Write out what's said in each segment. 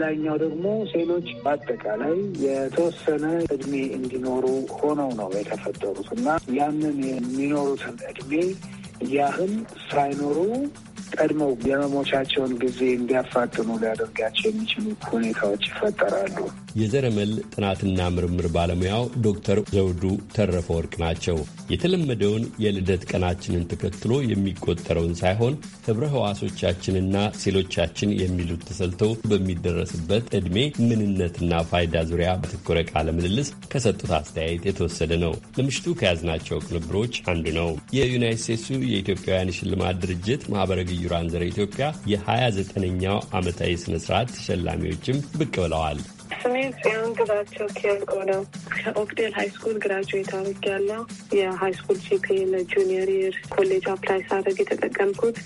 ሌላኛው ደግሞ ሴሎች በአጠቃላይ የተወሰነ እድሜ እንዲኖሩ ሆነው ነው የተፈጠሩት እና ያንን የሚኖሩትን እድሜ ያህል ሳይኖሩ ቀድመው የመሞቻቸውን ጊዜ እንዲያፋጥኑ ሊያደርጋቸው የሚችሉ ሁኔታዎች ይፈጠራሉ። የዘረመል ጥናትና ምርምር ባለሙያው ዶክተር ዘውዱ ተረፈ ወርቅ ናቸው። የተለመደውን የልደት ቀናችንን ተከትሎ የሚቆጠረውን ሳይሆን ህብረ ህዋሶቻችንና ሴሎቻችን የሚሉት ተሰልተው በሚደረስበት ዕድሜ ምንነትና ፋይዳ ዙሪያ በተኮረ ቃለ ምልልስ ከሰጡት አስተያየት የተወሰደ ነው። ለምሽቱ ከያዝናቸው ቅንብሮች አንዱ ነው። የዩናይት ስቴትሱ የኢትዮጵያውያን ሽልማት ድርጅት ማህበረ በልዩ ራንዘር ኢትዮጵያ የ29ኛው ዓመታዊ ስነ ስርዓት ተሸላሚዎችም ብቅ ብለዋል። ስሜ ጽያን ግዛቸው ኬልቆ ነው። ከኦክዴል ሀይ ስኩል ግራጁዌት አድርግ ያለው የሀይ ስኩል ጂፒኤ ለጁኒየር ይር ኮሌጅ አፕላይ ሳደርግ የተጠቀምኩት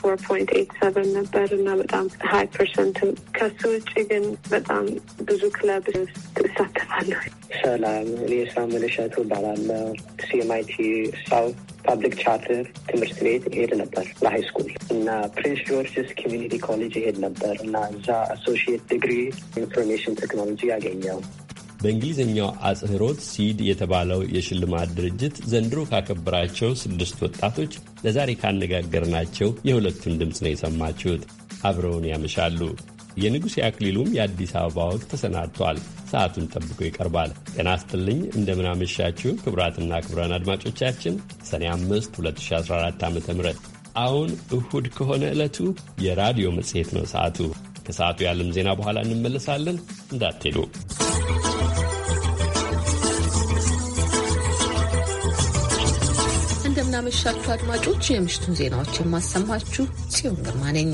ፎር ፖይንት ኤይት ሰቨን ነበር እና በጣም ሀይ ፐርሰንት። ከሱ ውጭ ግን በጣም ብዙ ክለብ እሳተፋለሁ። ሰላም፣ እኔ ሳሙኤል እሸቱ እባላለሁ። ሲኤምአይቲ ሳውት ፓብሊክ ቻርተር ትምህርት ቤት እሄድ ነበር ለሃይ ስኩል እና ፕሪንስ ጆርጅስ ኮሚኒቲ ኮሌጅ ሄድ ነበር እና እዛ አሶሺየት ዲግሪ ኢንፎርሜሽን ቴክኖሎጂ ያገኘው በእንግሊዝኛው አጽህሮት ሲድ የተባለው የሽልማት ድርጅት ዘንድሮ ካከበራቸው ስድስት ወጣቶች ለዛሬ ካነጋገርናቸው የሁለቱን ድምፅ ነው የሰማችሁት። አብረውን ያመሻሉ። የንጉሥ አክሊሉም የአዲስ አበባ ወግ ተሰናድቷል። ሰዓቱን ጠብቆ ይቀርባል። ጤና ይስጥልኝ፣ እንደምናመሻችሁ ክቡራትና ክቡራን አድማጮቻችን ሰኔ 5 2014 ዓ ም አሁን እሁድ ከሆነ ዕለቱ የራዲዮ መጽሔት ነው። ሰዓቱ ከሰዓቱ የዓለም ዜና በኋላ እንመለሳለን፣ እንዳትሄዱ። እንደምናመሻችሁ አድማጮች፣ የምሽቱን ዜናዎች የማሰማችሁ ጽዮን ግርማ ነኝ።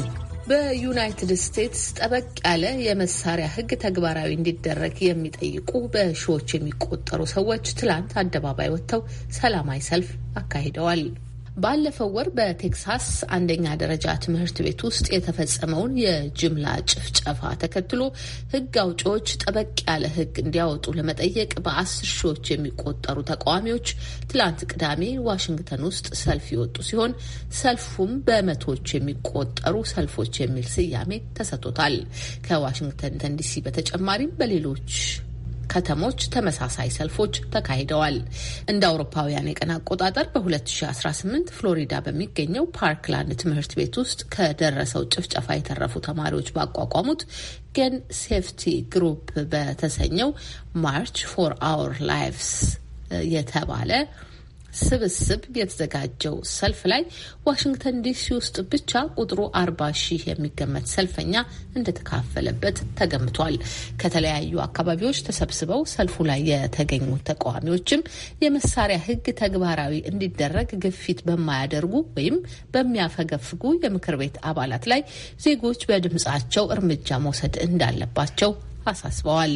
በዩናይትድ ስቴትስ ጠበቅ ያለ የመሳሪያ ሕግ ተግባራዊ እንዲደረግ የሚጠይቁ በሺዎች የሚቆጠሩ ሰዎች ትላንት አደባባይ ወጥተው ሰላማዊ ሰልፍ አካሂደዋል። ባለፈው ወር በቴክሳስ አንደኛ ደረጃ ትምህርት ቤት ውስጥ የተፈጸመውን የጅምላ ጭፍጨፋ ተከትሎ ሕግ አውጪዎች ጠበቅ ያለ ሕግ እንዲያወጡ ለመጠየቅ በአስር ሺዎች የሚቆጠሩ ተቃዋሚዎች ትላንት ቅዳሜ ዋሽንግተን ውስጥ ሰልፍ የወጡ ሲሆን ሰልፉም በመቶዎች የሚቆጠሩ ሰልፎች የሚል ስያሜ ተሰጥቶታል። ከዋሽንግተን ዲሲ በተጨማሪም በሌሎች ከተሞች ተመሳሳይ ሰልፎች ተካሂደዋል። እንደ አውሮፓውያን የቀን አቆጣጠር በ2018 ፍሎሪዳ በሚገኘው ፓርክላንድ ትምህርት ቤት ውስጥ ከደረሰው ጭፍጨፋ የተረፉ ተማሪዎች ባቋቋሙት ገን ሴፍቲ ግሩፕ በተሰኘው ማርች ፎር አወር ላይቭስ የተባለ ስብስብ የተዘጋጀው ሰልፍ ላይ ዋሽንግተን ዲሲ ውስጥ ብቻ ቁጥሩ አርባ ሺህ የሚገመት ሰልፈኛ እንደተካፈለበት ተገምቷል። ከተለያዩ አካባቢዎች ተሰብስበው ሰልፉ ላይ የተገኙ ተቃዋሚዎችም የመሳሪያ ሕግ ተግባራዊ እንዲደረግ ግፊት በማያደርጉ ወይም በሚያፈገፍጉ የምክር ቤት አባላት ላይ ዜጎች በድምጻቸው እርምጃ መውሰድ እንዳለባቸው አሳስበዋል።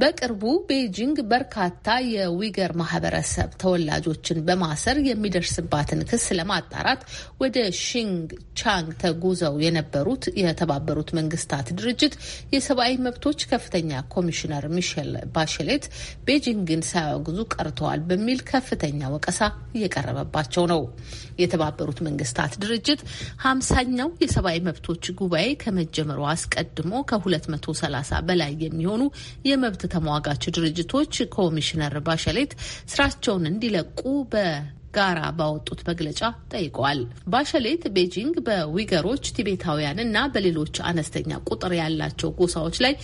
በቅርቡ ቤጂንግ በርካታ የዊገር ማህበረሰብ ተወላጆችን በማሰር የሚደርስባትን ክስ ለማጣራት ወደ ሺንግ ቻንግ ተጉዘው የነበሩት የተባበሩት መንግስታት ድርጅት የሰብአዊ መብቶች ከፍተኛ ኮሚሽነር ሚሼል ባሽሌት ቤጂንግን ሳያወግዙ ቀርተዋል በሚል ከፍተኛ ወቀሳ እየቀረበባቸው ነው። የተባበሩት መንግስታት ድርጅት ሀምሳኛው የሰብአዊ መብቶች ጉባኤ ከመጀመሩ አስቀድሞ ከ230 በላይ የሚሆኑ የመብት ተሟጋች ድርጅቶች ኮሚሽነር ባሸሌት ስራቸውን እንዲለቁ በ ጋራ ባወጡት መግለጫ ጠይቀዋል። ባሸሌት ቤጂንግ በዊገሮች ቲቤታውያን እና በሌሎች አነስተኛ ቁጥር ያላቸው ጎሳዎች ላይ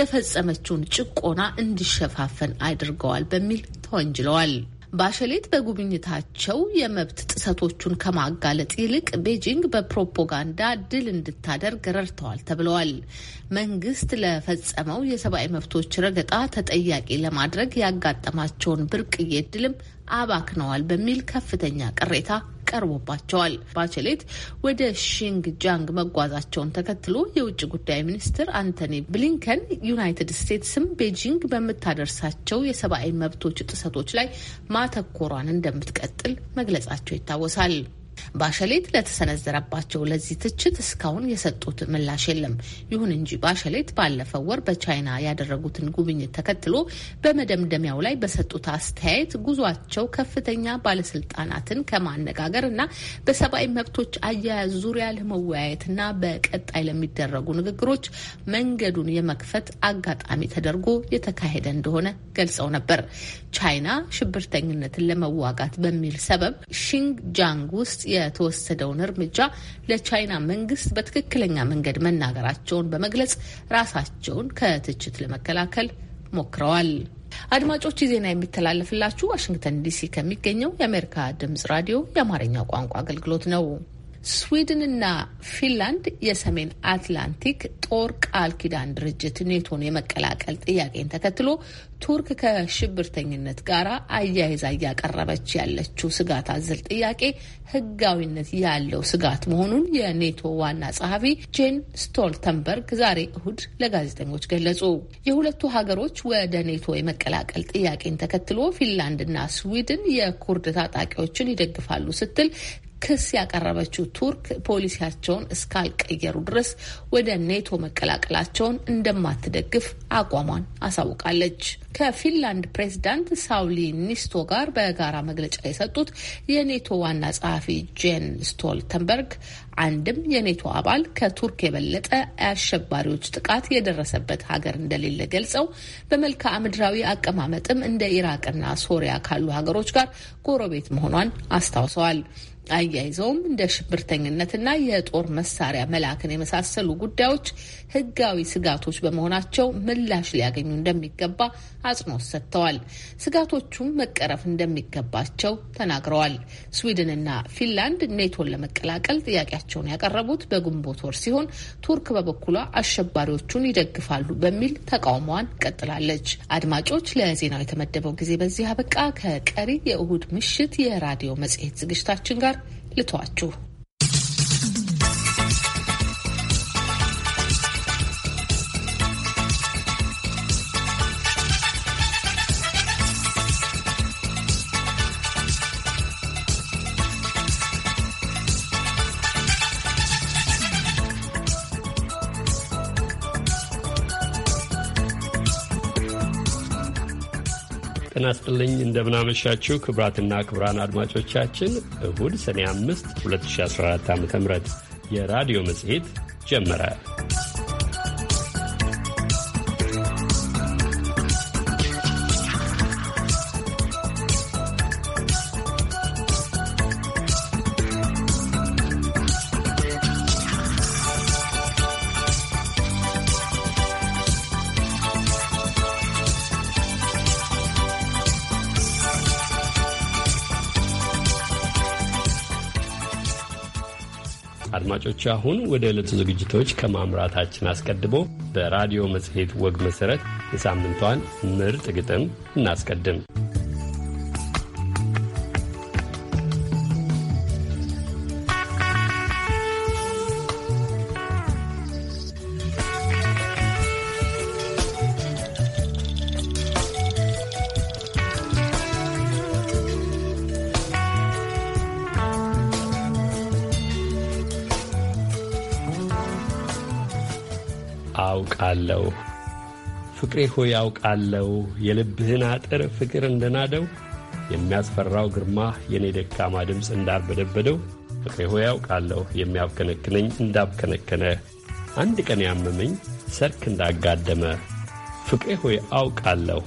የፈጸመችውን ጭቆና እንዲሸፋፈን አድርገዋል በሚል ተወንጅለዋል። ባሸሌት በጉብኝታቸው የመብት ጥሰቶቹን ከማጋለጥ ይልቅ ቤጂንግ በፕሮፓጋንዳ ድል እንድታደርግ ረድተዋል ተብለዋል። መንግስት ለፈጸመው የሰብአዊ መብቶች ረገጣ ተጠያቂ ለማድረግ ያጋጠማቸውን ብርቅዬ ድልም አባክነዋል በሚል ከፍተኛ ቅሬታ ቀርቦባቸዋል። ባቸሌት ወደ ሺንግጃንግ መጓዛቸውን ተከትሎ የውጭ ጉዳይ ሚኒስትር አንቶኒ ብሊንከን ዩናይትድ ስቴትስም ቤጂንግ በምታደርሳቸው የሰብአዊ መብቶች ጥሰቶች ላይ ማተኮሯን እንደምትቀጥል መግለጻቸው ይታወሳል። ባሸሌት ለተሰነዘረባቸው ለዚህ ትችት እስካሁን የሰጡት ምላሽ የለም። ይሁን እንጂ ባሸሌት ባለፈው ወር በቻይና ያደረጉትን ጉብኝት ተከትሎ በመደምደሚያው ላይ በሰጡት አስተያየት ጉዟቸው ከፍተኛ ባለስልጣናትን ከማነጋገር እና በሰብአዊ መብቶች አያያዝ ዙሪያ ለመወያየት እና በቀጣይ ለሚደረጉ ንግግሮች መንገዱን የመክፈት አጋጣሚ ተደርጎ የተካሄደ እንደሆነ ገልጸው ነበር። ቻይና ሽብርተኝነትን ለመዋጋት በሚል ሰበብ ሺንግጃንግ ውስጥ የተወሰደውን እርምጃ ለቻይና መንግስት በትክክለኛ መንገድ መናገራቸውን በመግለጽ ራሳቸውን ከትችት ለመከላከል ሞክረዋል። አድማጮች ዜና የሚተላለፍላችሁ ዋሽንግተን ዲሲ ከሚገኘው የአሜሪካ ድምጽ ራዲዮ የአማርኛ ቋንቋ አገልግሎት ነው። ስዊድንና ፊንላንድ የሰሜን አትላንቲክ ጦር ቃል ኪዳን ድርጅት ኔቶን የመቀላቀል ጥያቄን ተከትሎ ቱርክ ከሽብርተኝነት ጋር አያይዛ እያቀረበች ያለችው ስጋት አዘል ጥያቄ ሕጋዊነት ያለው ስጋት መሆኑን የኔቶ ዋና ጸሐፊ ጄን ስቶልተንበርግ ዛሬ እሁድ ለጋዜጠኞች ገለጹ። የሁለቱ ሀገሮች ወደ ኔቶ የመቀላቀል ጥያቄን ተከትሎ ፊንላንድና ስዊድን የኩርድ ታጣቂዎችን ይደግፋሉ ስትል ክስ ያቀረበችው ቱርክ ፖሊሲያቸውን እስካልቀየሩ ድረስ ወደ ኔቶ መቀላቀላቸውን እንደማትደግፍ አቋሟን አሳውቃለች። ከፊንላንድ ፕሬዝዳንት ሳውሊ ኒስቶ ጋር በጋራ መግለጫ የሰጡት የኔቶ ዋና ጸሐፊ ጄን ስቶልተንበርግ አንድም የኔቶ አባል ከቱርክ የበለጠ አሸባሪዎች ጥቃት የደረሰበት ሀገር እንደሌለ ገልጸው በመልክዓ ምድራዊ አቀማመጥም እንደ ኢራቅና ሶሪያ ካሉ ሀገሮች ጋር ጎረቤት መሆኗን አስታውሰዋል። አያይዘውም እንደ ሽብርተኝነትና የጦር መሳሪያ መላክን የመሳሰሉ ጉዳዮች ሕጋዊ ስጋቶች በመሆናቸው ምላሽ ሊያገኙ እንደሚገባ አጽንኦት ሰጥተዋል። ስጋቶቹም መቀረፍ እንደሚገባቸው ተናግረዋል። ስዊድንና ፊንላንድ ኔቶን ለመቀላቀል ጥያቄያቸውን ያቀረቡት በግንቦት ወር ሲሆን ቱርክ በበኩሏ አሸባሪዎቹን ይደግፋሉ በሚል ተቃውሟዋን ቀጥላለች። አድማጮች፣ ለዜናው የተመደበው ጊዜ በዚህ አበቃ። ከቀሪ የእሁድ ምሽት የራዲዮ መጽሔት ዝግጅታችን ጋር ልተዋችሁ ጤና ይስጥልኝ እንደምናመሻችሁ ክብራትና ክብራን አድማጮቻችን እሁድ ሰኔ 5 2014 ዓ ም የራዲዮ መጽሔት ጀመረ። አድማጮች አሁን ወደ ዕለቱ ዝግጅቶች ከማምራታችን አስቀድሞ በራዲዮ መጽሔት ወግ መሠረት የሳምንቷን ምርጥ ግጥም እናስቀድም። አውቃለሁ ፍቅሬ ሆይ ያውቃለሁ የልብህን አጥር ፍቅር እንደናደው የሚያስፈራው ግርማ የእኔ ደካማ ድምፅ እንዳርበደበደው ፍቅሬ ሆይ ያውቃለሁ የሚያብከነክነኝ እንዳብከነከነ አንድ ቀን ያመመኝ ሰርክ እንዳጋደመ ፍቅሬ ሆይ አውቃለሁ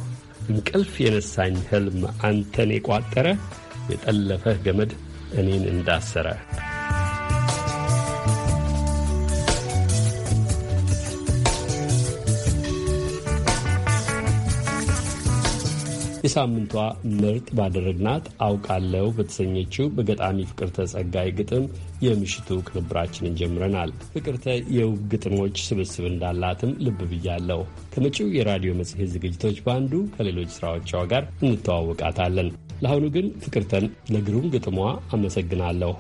እንቅልፍ የነሳኝ ህልም አንተን የቋጠረ የጠለፈህ ገመድ እኔን እንዳሰረ የሳምንቷ ምርጥ ባደረግናት አውቃለው በተሰኘችው በገጣሚ ፍቅርተ ጸጋይ ግጥም የምሽቱ ቅንብራችንን ጀምረናል። ፍቅርተ የውብ ግጥሞች ስብስብ እንዳላትም ልብ ብያለሁ። ከመጪው የራዲዮ መጽሔት ዝግጅቶች በአንዱ ከሌሎች ስራዎቿ ጋር እንተዋወቃታለን። ለአሁኑ ግን ፍቅርተን ለግሩም ግጥሟ አመሰግናለሁ።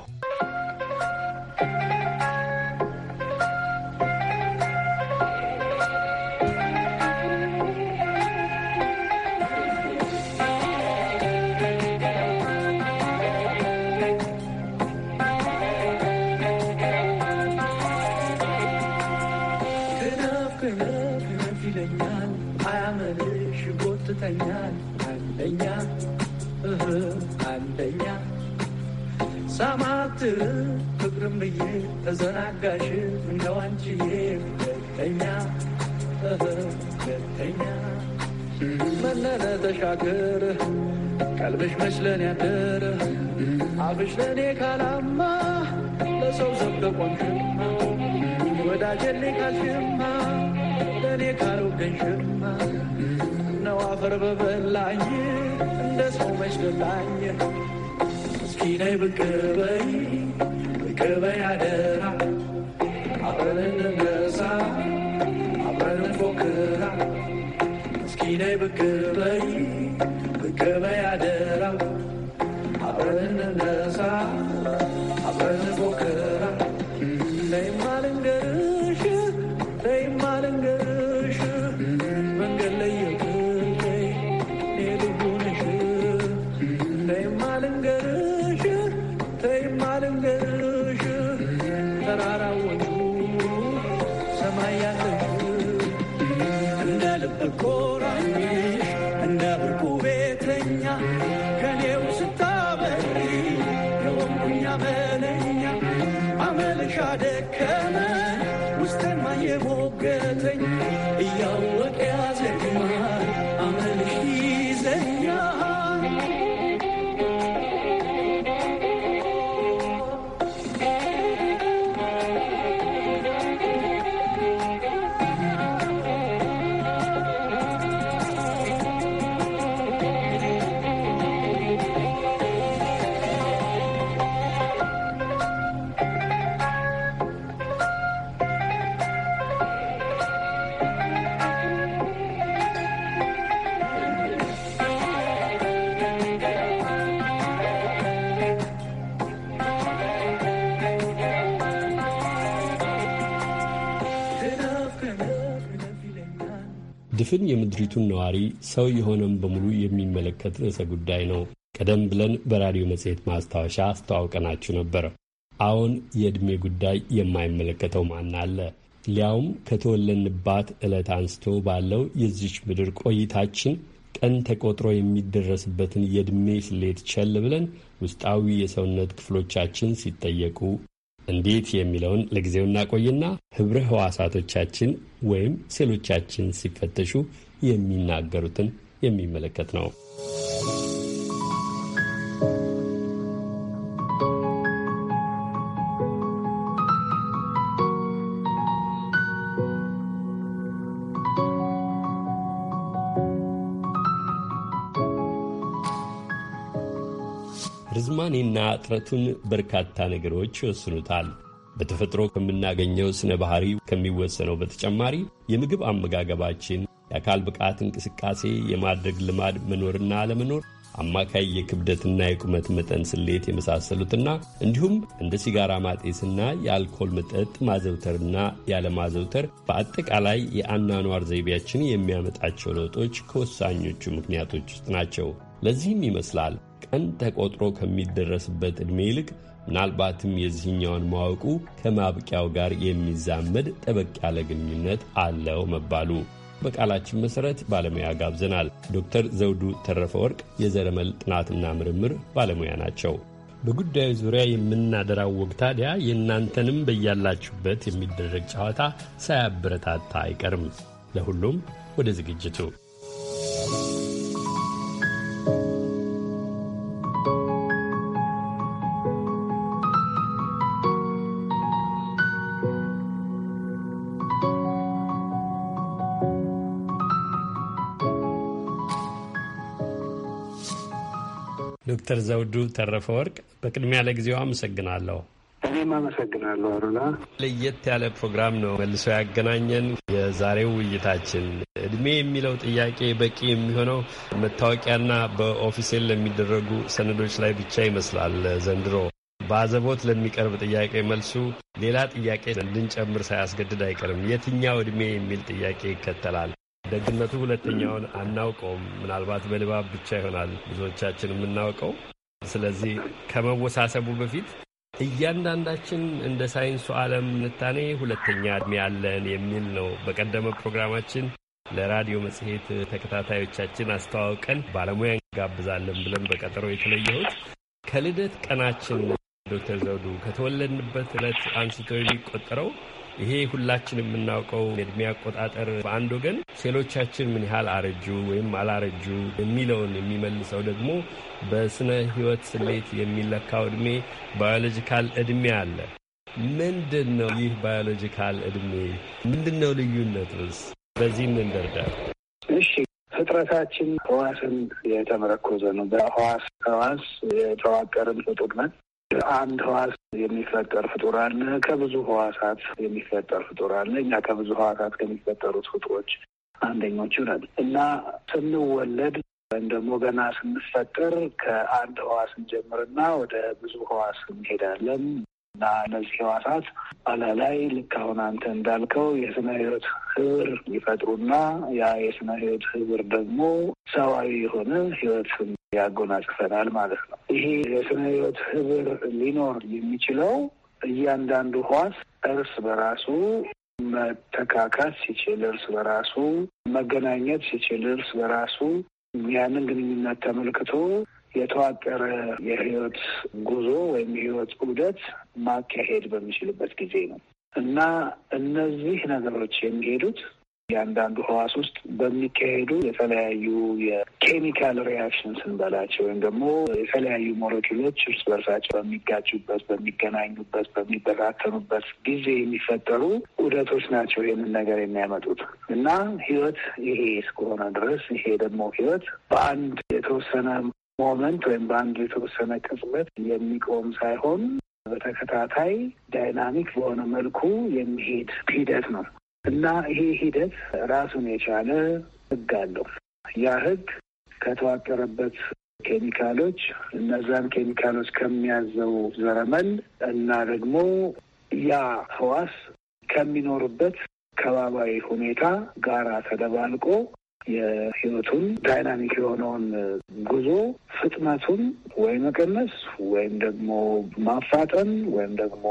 ፍቅር በይ ፍቅር በይ አደራ አብረን እንነሳ አብረን ወደፊትም የምድሪቱን ነዋሪ ሰው የሆነም በሙሉ የሚመለከት ርዕሰ ጉዳይ ነው። ቀደም ብለን በራዲዮ መጽሔት ማስታወሻ አስተዋውቀናችሁ ነበር። አሁን የዕድሜ ጉዳይ የማይመለከተው ማን አለ? ሊያውም ከተወለንባት ዕለት አንስቶ ባለው የዚች ምድር ቆይታችን ቀን ተቆጥሮ የሚደረስበትን የዕድሜ ስሌት ቸል ብለን ውስጣዊ የሰውነት ክፍሎቻችን ሲጠየቁ እንዴት የሚለውን ለጊዜው እናቆይና ህብረ ህዋሳቶቻችን ወይም ሴሎቻችን ሲፈተሹ የሚናገሩትን የሚመለከት ነው። ውሳኔና ጥረቱን በርካታ ነገሮች ይወስኑታል። በተፈጥሮ ከምናገኘው ስነ ባህሪ ከሚወሰነው በተጨማሪ የምግብ አመጋገባችን፣ የአካል ብቃት እንቅስቃሴ የማድረግ ልማድ መኖርና አለመኖር፣ አማካይ የክብደትና የቁመት መጠን ስሌት የመሳሰሉትና እንዲሁም እንደ ሲጋራ ማጤስና የአልኮል መጠጥ ማዘውተርና ያለማዘውተር በአጠቃላይ የአኗኗር ዘይቤያችን የሚያመጣቸው ለውጦች ከወሳኞቹ ምክንያቶች ውስጥ ናቸው። ለዚህም ይመስላል ቀን ተቆጥሮ ከሚደረስበት ዕድሜ ይልቅ ምናልባትም የዚህኛውን ማወቁ ከማብቂያው ጋር የሚዛመድ ጠበቅ ያለ ግንኙነት አለው መባሉ። በቃላችን መሠረት ባለሙያ ጋብዘናል። ዶክተር ዘውዱ ተረፈ ወርቅ የዘረመል ጥናትና ምርምር ባለሙያ ናቸው። በጉዳዩ ዙሪያ የምናደራው ወግ ታዲያ የእናንተንም በያላችሁበት የሚደረግ ጨዋታ ሳያበረታታ አይቀርም። ለሁሉም ወደ ዝግጅቱ ዶክተር ዘውዱ ተረፈ ወርቅ በቅድሚያ ለጊዜው አመሰግናለሁ። እኔም አመሰግናለሁ አሉላ። ለየት ያለ ፕሮግራም ነው መልሶ ያገናኘን። የዛሬው ውይይታችን እድሜ የሚለው ጥያቄ በቂ የሚሆነው መታወቂያና በኦፊሴል ለሚደረጉ ሰነዶች ላይ ብቻ ይመስላል ዘንድሮ በአዘቦት ለሚቀርብ ጥያቄ መልሱ ሌላ ጥያቄ እንድንጨምር ሳያስገድድ አይቀርም። የትኛው ዕድሜ የሚል ጥያቄ ይከተላል። ደግነቱ ሁለተኛውን አናውቀውም። ምናልባት በልባብ ብቻ ይሆናል ብዙዎቻችን የምናውቀው። ስለዚህ ከመወሳሰቡ በፊት እያንዳንዳችን እንደ ሳይንሱ ዓለም ምንታኔ ሁለተኛ ዕድሜ ያለን የሚል ነው። በቀደመ ፕሮግራማችን ለራዲዮ መጽሔት ተከታታዮቻችን አስተዋውቀን ባለሙያ እንጋብዛለን ብለን በቀጠሮ የተለየሁት ከልደት ቀናችን ዶክተር ዘውዱ ከተወለድንበት ዕለት አንስቶ የሚቆጠረው ይሄ ሁላችን የምናውቀው የእድሜ አቆጣጠር በአንድ ወገን ሴሎቻችን ምን ያህል አረጁ ወይም አላረጁ የሚለውን የሚመልሰው ደግሞ በስነ ህይወት ስሌት የሚለካው እድሜ ባዮሎጂካል እድሜ አለ። ምንድን ነው ይህ ባዮሎጂካል እድሜ? ምንድን ነው ልዩነቱስ? በዚህ እንደርዳል። እሺ ፍጥረታችን ህዋስን የተመረኮዘ ነው። በህዋስ ህዋስ የተዋቀርን ፍጡር ነን። አንድ ህዋስ የሚፈጠር ፍጡር አለ፣ ከብዙ ህዋሳት የሚፈጠር ፍጡር አለ። እኛ ከብዙ ህዋሳት ከሚፈጠሩት ፍጡሮች አንደኞቹ ነን እና ስንወለድ ወይም ደግሞ ገና ስንፈጠር ከአንድ ህዋስ እንጀምርና ወደ ብዙ ህዋስ እንሄዳለን። እና እነዚህ ህዋሳት ኋላ ላይ ልክ አሁን አንተ እንዳልከው የስነ ህይወት ህብር ይፈጥሩና ያ የስነ ህይወት ህብር ደግሞ ሰብአዊ የሆነ ህይወት ያጎናጽፈናል ማለት ነው። ይሄ የስነ ህይወት ህብር ሊኖር የሚችለው እያንዳንዱ ህዋስ እርስ በራሱ መተካካት ሲችል፣ እርስ በራሱ መገናኘት ሲችል፣ እርስ በራሱ ያንን ግንኙነት ተመልክቶ የተዋቀረ የህይወት ጉዞ ወይም የህይወት ዑደት ማካሄድ በሚችልበት ጊዜ ነው እና እነዚህ ነገሮች የሚሄዱት እያንዳንዱ ህዋስ ውስጥ በሚካሄዱ የተለያዩ የኬሚካል ሪያክሽን ስንበላቸው ወይም ደግሞ የተለያዩ ሞለኪሎች እርስ በርሳቸው በሚጋጩበት፣ በሚገናኙበት፣ በሚበታተኑበት ጊዜ የሚፈጠሩ ዑደቶች ናቸው ይህንን ነገር የሚያመጡት እና ህይወት ይሄ እስከሆነ ድረስ ይሄ ደግሞ ህይወት በአንድ የተወሰነ ሞመንት ወይም በአንድ የተወሰነ ቅጽበት የሚቆም ሳይሆን በተከታታይ ዳይናሚክ በሆነ መልኩ የሚሄድ ሂደት ነው እና ይሄ ሂደት ራሱን የቻለ ህግ አለው። ያ ህግ ከተዋቀረበት ኬሚካሎች እነዛን ኬሚካሎች ከሚያዘው ዘረመል እና ደግሞ ያ ህዋስ ከሚኖርበት ከባባዊ ሁኔታ ጋራ ተደባልቆ የህይወቱን ዳይናሚክ የሆነውን ጉዞ ፍጥነቱን ወይ መቀነስ ወይም ደግሞ ማፋጠን ወይም ደግሞ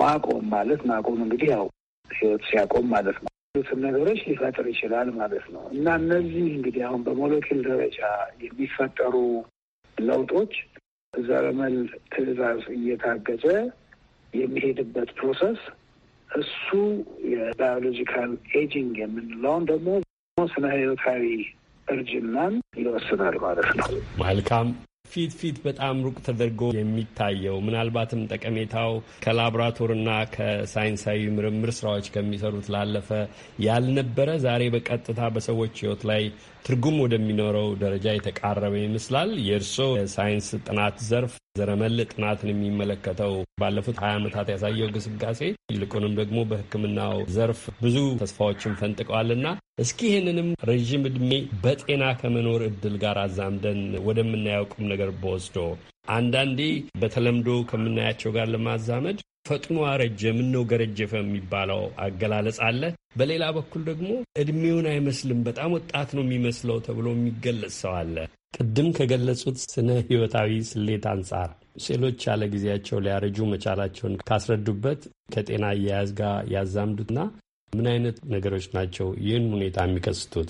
ማቆም ማለት ማቆም እንግዲህ ያው ህይወት ሲያቆም ማለት ነው ትን ነገሮች ሊፈጥር ይችላል ማለት ነው። እና እነዚህ እንግዲህ አሁን በሞለኪል ደረጃ የሚፈጠሩ ለውጦች ዘረመል ትዕዛዝ እየታገዘ የሚሄድበት ፕሮሰስ እሱ የባዮሎጂካል ኤጂንግ የምንለውን ደግሞ ስነ ህይወታዊ እርጅናን ይወስናል ማለት ነው። መልካም ፊት ፊት በጣም ሩቅ ተደርጎ የሚታየው ምናልባትም ጠቀሜታው ከላቦራቶርና ከሳይንሳዊ ምርምር ስራዎች ከሚሰሩት ላለፈ ያልነበረ ዛሬ በቀጥታ በሰዎች ህይወት ላይ ትርጉም ወደሚኖረው ደረጃ የተቃረበ ይመስላል። የእርስዎ የሳይንስ ጥናት ዘርፍ ዘረመል ጥናትን የሚመለከተው ባለፉት ሀያ ዓመታት ያሳየው ግስጋሴ ይልቁንም ደግሞ በሕክምናው ዘርፍ ብዙ ተስፋዎችን ፈንጥቀዋልና እስኪ ይህንንም ረዥም እድሜ በጤና ከመኖር እድል ጋር አዛምደን ወደምናያውቁም ነገር በወስዶ አንዳንዴ በተለምዶ ከምናያቸው ጋር ለማዛመድ ፈጥኖ አረጀ ምን ነው ገረጀፈ የሚባለው አገላለጽ አለ። በሌላ በኩል ደግሞ እድሜውን አይመስልም በጣም ወጣት ነው የሚመስለው ተብሎ የሚገለጽ ሰው አለ። ቅድም ከገለጹት ስነ ህይወታዊ ስሌት አንጻር ሴሎች ያለ ጊዜያቸው ሊያረጁ መቻላቸውን ካስረዱበት ከጤና አያያዝ ጋር ያዛምዱትና ምን አይነት ነገሮች ናቸው ይህን ሁኔታ የሚከስቱት?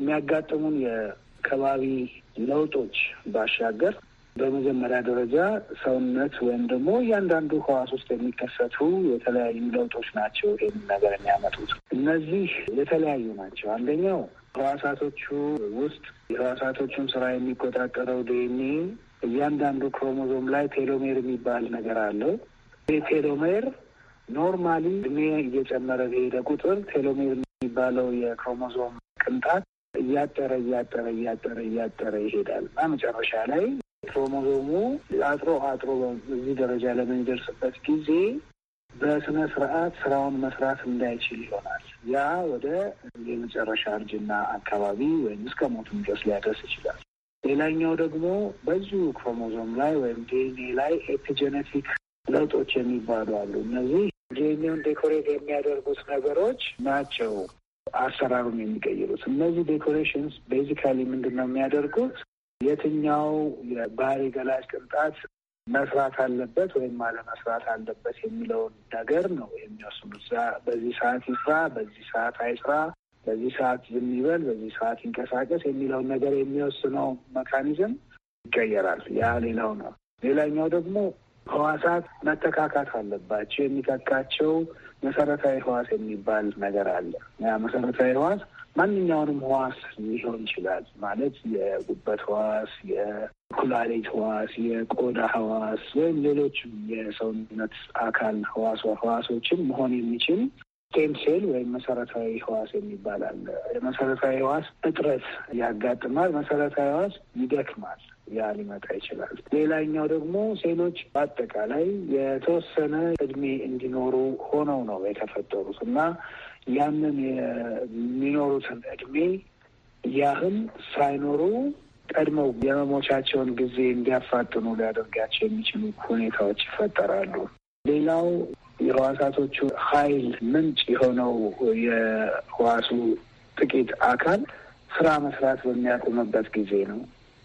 የሚያጋጥሙን የከባቢ ለውጦች ባሻገር በመጀመሪያ ደረጃ ሰውነት ወይም ደግሞ እያንዳንዱ ህዋስ ውስጥ የሚከሰቱ የተለያዩ ለውጦች ናቸው ይህን ነገር የሚያመጡት። እነዚህ የተለያዩ ናቸው። አንደኛው ህዋሳቶቹ ውስጥ የህዋሳቶቹን ስራ የሚቆጣጠረው ዲኤንኤ እያንዳንዱ ክሮሞዞም ላይ ቴሎሜር የሚባል ነገር አለው። ይህ ቴሎሜር ኖርማሊ እድሜ እየጨመረ በሄደ ቁጥር ቴሎሜር የሚባለው የክሮሞዞም ቅንጣት እያጠረ እያጠረ እያጠረ እያጠረ ይሄዳል እና መጨረሻ ላይ ክሮሞዞሙ አጥሮ አጥሮ በዚህ ደረጃ ለምንደርስበት ጊዜ በስነ ስርዓት ስራውን መስራት እንዳይችል ይሆናል። ያ ወደ የመጨረሻ እርጅና አካባቢ ወይም እስከ ሞትም ድረስ ሊያደርስ ይችላል። ሌላኛው ደግሞ በዚሁ ክሮሞዞም ላይ ወይም ዲኤንኤ ላይ ኤፒጀነቲክ ለውጦች የሚባሉ አሉ። እነዚህ ዲኤንኤውን ዴኮሬት የሚያደርጉት ነገሮች ናቸው አሰራሩን የሚቀይሩት። እነዚህ ዴኮሬሽንስ ቤዚካሊ ምንድን ነው የሚያደርጉት? የትኛው የባህሪ ገላጭ ቅንጣት መስራት አለበት ወይም አለመስራት አለበት የሚለውን ነገር ነው የሚወስኑት። በዚህ ሰዓት ይስራ፣ በዚህ ሰዓት አይስራ፣ በዚህ ሰዓት ዝም ይበል፣ በዚህ ሰዓት ይንቀሳቀስ የሚለውን ነገር የሚወስነው መካኒዝም ይቀየራል። ያ ሌላው ነው። ሌላኛው ደግሞ ህዋሳት መተካካት አለባቸው። የሚተካቸው መሰረታዊ ህዋስ የሚባል ነገር አለ። ያ መሰረታዊ ህዋስ ማንኛውንም ህዋስ ሊሆን ይችላል። ማለት የጉበት ህዋስ፣ የኩላሊት ህዋስ፣ የቆዳ ህዋስ ወይም ሌሎችም የሰውነት አካል ህዋሶ ህዋሶችን መሆን የሚችል ስቴም ሴል ወይም መሰረታዊ ህዋስ የሚባል አለ። ህዋስ እጥረት ያጋጥማል። መሰረታዊ ህዋስ ይደክማል። ያ ሊመጣ ይችላል። ሌላኛው ደግሞ ሴሎች በአጠቃላይ የተወሰነ እድሜ እንዲኖሩ ሆነው ነው የተፈጠሩት እና ያንን የሚኖሩትን እድሜ ያህል ሳይኖሩ ቀድመው የመሞቻቸውን ጊዜ እንዲያፋጥኑ ሊያደርጋቸው የሚችሉ ሁኔታዎች ይፈጠራሉ። ሌላው የህዋሳቶቹ ኃይል ምንጭ የሆነው የህዋሱ ጥቂት አካል ስራ መስራት በሚያቆምበት ጊዜ ነው።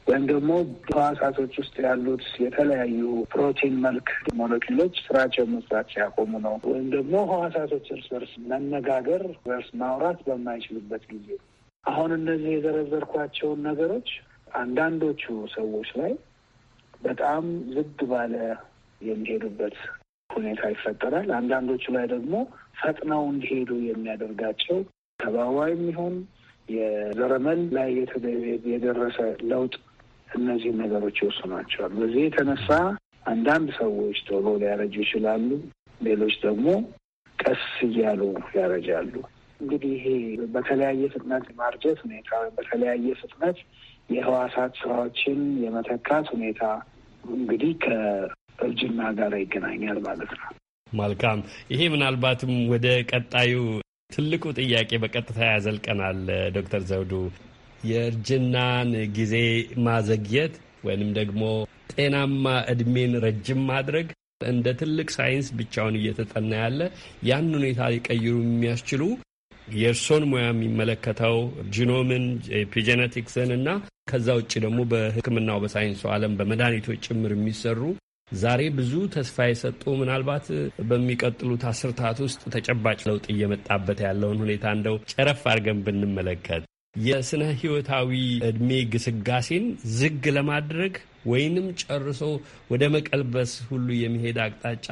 ወይም ደግሞ በሕዋሳቶች ውስጥ ያሉት የተለያዩ ፕሮቲን መልክ ሞለኪሎች ስራቸው መስራት ሲያቆሙ ነው። ወይም ደግሞ ሕዋሳቶች እርስ በርስ መነጋገር በርስ ማውራት በማይችሉበት ጊዜ አሁን እነዚህ የዘረዘርኳቸውን ነገሮች አንዳንዶቹ ሰዎች ላይ በጣም ዝግ ባለ የሚሄዱበት ሁኔታ ይፈጠራል። አንዳንዶቹ ላይ ደግሞ ፈጥነው እንዲሄዱ የሚያደርጋቸው ተባዋይም ይሁን የዘረመል ላይ የደረሰ ለውጥ እነዚህ ነገሮች ይወስኗቸዋል። በዚህ የተነሳ አንዳንድ ሰዎች ቶሎ ሊያረጁ ይችላሉ። ሌሎች ደግሞ ቀስ እያሉ ያረጃሉ። እንግዲህ ይሄ በተለያየ ፍጥነት ማርጀት ሁኔታ በተለያየ ፍጥነት የህዋሳት ስራዎችን የመተካት ሁኔታ እንግዲህ ከእርጅና ጋር ይገናኛል ማለት ነው። መልካም። ይሄ ምናልባትም ወደ ቀጣዩ ትልቁ ጥያቄ በቀጥታ ያዘልቀናል ዶክተር ዘውዱ የእርጅናን ጊዜ ማዘግየት ወይንም ደግሞ ጤናማ እድሜን ረጅም ማድረግ እንደ ትልቅ ሳይንስ ብቻውን እየተጠና ያለ ያን ሁኔታ ሊቀይሩ የሚያስችሉ የእርሶን ሙያ የሚመለከተው ጂኖምን፣ ኤፒጄኔቲክስን እና ከዛ ውጭ ደግሞ በሕክምናው በሳይንሱ ዓለም በመድኃኒቶች ጭምር የሚሰሩ ዛሬ ብዙ ተስፋ የሰጡ ምናልባት በሚቀጥሉት አስርታት ውስጥ ተጨባጭ ለውጥ እየመጣበት ያለውን ሁኔታ እንደው ጨረፍ አድርገን ብንመለከት የስነ ህይወታዊ እድሜ ግስጋሴን ዝግ ለማድረግ ወይንም ጨርሶ ወደ መቀልበስ ሁሉ የመሄድ አቅጣጫ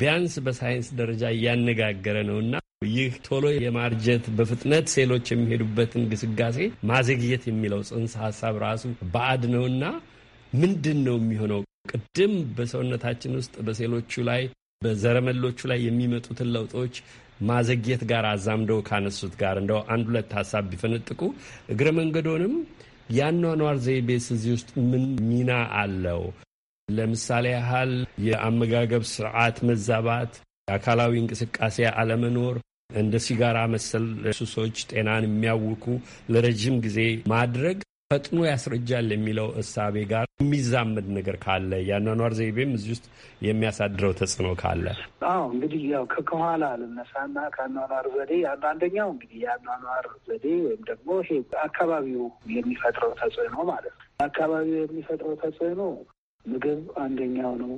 ቢያንስ በሳይንስ ደረጃ እያነጋገረ ነውና ይህ ቶሎ የማርጀት በፍጥነት ሴሎች የሚሄዱበትን ግስጋሴ ማዘግየት የሚለው ጽንሰ ሀሳብ ራሱ ባዕድ ነውና ምንድን ነው የሚሆነው? ቅድም በሰውነታችን ውስጥ በሴሎቹ ላይ በዘረመሎቹ ላይ የሚመጡትን ለውጦች ማዘግየት ጋር አዛምደው ካነሱት ጋር እንደው አንድ ሁለት ሀሳብ ቢፈነጥቁ እግረ መንገዶንም የአኗኗር ዘይቤስ እዚህ ውስጥ ምን ሚና አለው? ለምሳሌ ያህል የአመጋገብ ስርዓት መዛባት፣ የአካላዊ እንቅስቃሴ አለመኖር፣ እንደ ሲጋራ መሰል ሱሶች ጤናን የሚያውኩ ለረጅም ጊዜ ማድረግ ፈጥኖ ያስረጃል የሚለው እሳቤ ጋር የሚዛመድ ነገር ካለ የአኗኗር ዘይቤም እዚህ ውስጥ የሚያሳድረው ተጽዕኖ ካለ፣ አዎ እንግዲህ ያው ከኋላ ልነሳና ከአኗኗር ዘዴ አንደኛው እንግዲህ የአኗኗር ዘዴ ወይም ደግሞ ይሄ አካባቢው የሚፈጥረው ተጽዕኖ ማለት ነው። አካባቢው የሚፈጥረው ተጽዕኖ ምግብ አንደኛው ነው።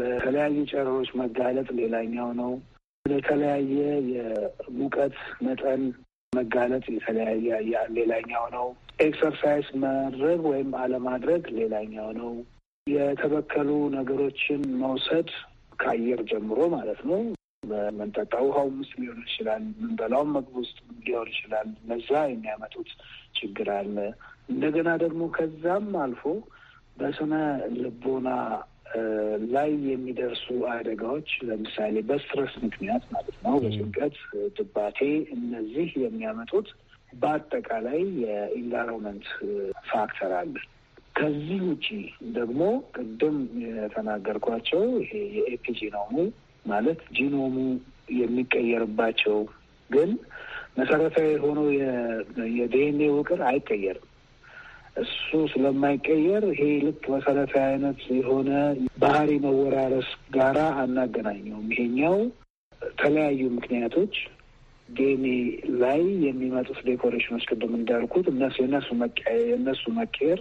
ለተለያዩ ጨረሮች መጋለጥ ሌላኛው ነው። ለተለያየ የሙቀት መጠን መጋለጥ የተለያየ ሌላኛው ነው። ኤክሰርሳይዝ ማድረግ ወይም አለማድረግ ሌላኛው ነው። የተበከሉ ነገሮችን መውሰድ ከአየር ጀምሮ ማለት ነው። በምንጠጣ ውሃው ውስጥ ሊሆን ይችላል፣ ምንበላውም ምግብ ውስጥ ሊሆን ይችላል። እነዛ የሚያመጡት ችግር አለ። እንደገና ደግሞ ከዛም አልፎ በስነ ልቦና ላይ የሚደርሱ አደጋዎች ለምሳሌ በስትረስ ምክንያት ማለት ነው፣ በጭንቀት ድባቴ፣ እነዚህ የሚያመጡት በአጠቃላይ የኢንቫይሮንመንት ፋክተር አለ። ከዚህ ውጪ ደግሞ ቅድም የተናገርኳቸው ይሄ የኤፒጂኖሙ ማለት ጂኖሙ የሚቀየርባቸው ግን መሰረታዊ የሆነው የዲኤንኤ ውቅር አይቀየርም። እሱ ስለማይቀየር ይሄ ልክ መሰረታዊ አይነት የሆነ ባህሪ መወራረስ ጋራ አናገናኘውም። ይሄኛው ተለያዩ ምክንያቶች ጌኒ ላይ የሚመጡት ዴኮሬሽኖች ቅድም እንዳልኩት እነሱ የነሱ የነሱ መቀየር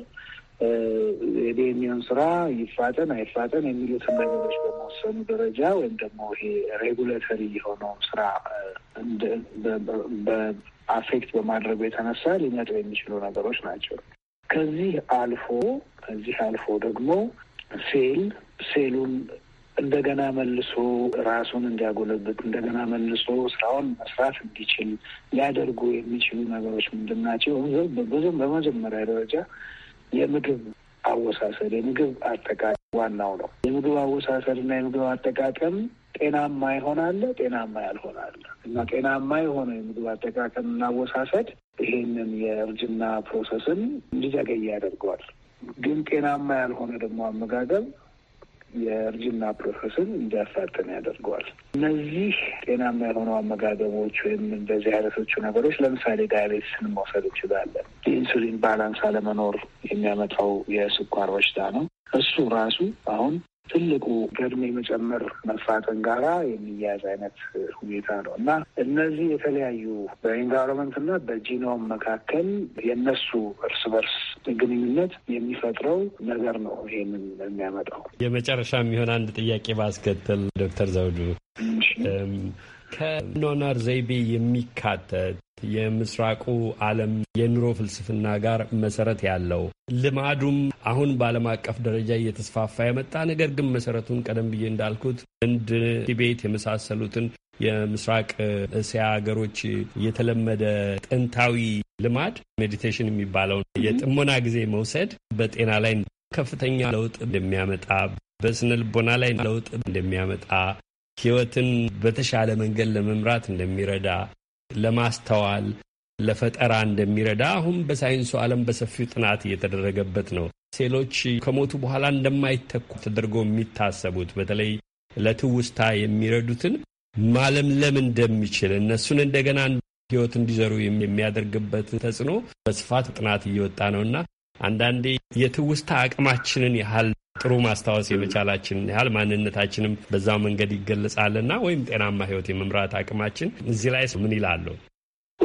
የዲኤንኤውን ስራ ይፋጠን አይፋጠን የሚሉትን ነገሮች በመወሰኑ ደረጃ ወይም ደግሞ ይሄ ሬጉሌተሪ የሆነውን ስራ በአፌክት በማድረጉ የተነሳ ሊመጡ የሚችሉ ነገሮች ናቸው። ከዚህ አልፎ ከዚህ አልፎ ደግሞ ሴል ሴሉን እንደገና መልሶ ራሱን እንዲያጎለብት እንደገና መልሶ ስራውን መስራት እንዲችል ሊያደርጉ የሚችሉ ነገሮች ምንድን ናቸው? ብዙም በመጀመሪያ ደረጃ የምግብ አወሳሰድ የምግብ አጠቃቀም ዋናው ነው። የምግብ አወሳሰድ እና የምግብ አጠቃቀም ጤናማ ይሆናል፣ ጤናማ ያልሆናል እና ጤናማ የሆነ የምግብ አጠቃቀም እና አወሳሰድ ይሄንን የእርጅና ፕሮሰስን እንዲዘገይ ያደርገዋል። ግን ጤናማ ያልሆነ ደግሞ አመጋገብ የእርጅና ፕሮሰስን እንዲያፋጥን ያደርገዋል። እነዚህ ጤናማ የሆኑ አመጋገቦች ወይም እንደዚህ አይነቶቹ ነገሮች ለምሳሌ ዳያቤትስን መውሰድ እንችላለን። የኢንሱሊን ባላንስ አለመኖር የሚያመጣው የስኳር በሽታ ነው። እሱ ራሱ አሁን ትልቁ ከእድሜ መጨመር መፋጠን ጋራ የሚያያዝ አይነት ሁኔታ ነው እና እነዚህ የተለያዩ በኤንቫይሮንመንት እና በጂኖም መካከል የነሱ እርስ በርስ ግንኙነት የሚፈጥረው ነገር ነው ይሄንን የሚያመጣው። የመጨረሻ የሚሆን አንድ ጥያቄ ባስከትል ዶክተር ዘውዱ ከኗኗር ዘይቤ የሚካተት የምስራቁ ዓለም የኑሮ ፍልስፍና ጋር መሰረት ያለው ልማዱም አሁን በዓለም አቀፍ ደረጃ እየተስፋፋ የመጣ ነገር ግን መሰረቱን ቀደም ብዬ እንዳልኩት እንድ ቲቤት የመሳሰሉትን የምስራቅ እስያ ሀገሮች የተለመደ ጥንታዊ ልማድ ሜዲቴሽን የሚባለውን የጥሞና ጊዜ መውሰድ በጤና ላይ ከፍተኛ ለውጥ እንደሚያመጣ፣ በስነ ልቦና ላይ ለውጥ እንደሚያመጣ፣ ህይወትን በተሻለ መንገድ ለመምራት እንደሚረዳ ለማስተዋል ለፈጠራ እንደሚረዳ አሁን በሳይንሱ ዓለም በሰፊው ጥናት እየተደረገበት ነው። ሴሎች ከሞቱ በኋላ እንደማይተኩ ተደርጎ የሚታሰቡት በተለይ ለትውስታ የሚረዱትን ማለምለም እንደሚችል እነሱን እንደገና ሕይወት እንዲዘሩ የሚያደርግበት ተጽዕኖ በስፋት ጥናት እየወጣ እና አንዳንዴ የትውስታ አቅማችንን ያህል ጥሩ ማስታወስ የመቻላችን ያህል ማንነታችንም በዛ መንገድ ይገለጻልና ወይም ጤናማ ህይወት የመምራት አቅማችን እዚህ ላይ ምን ይላሉ?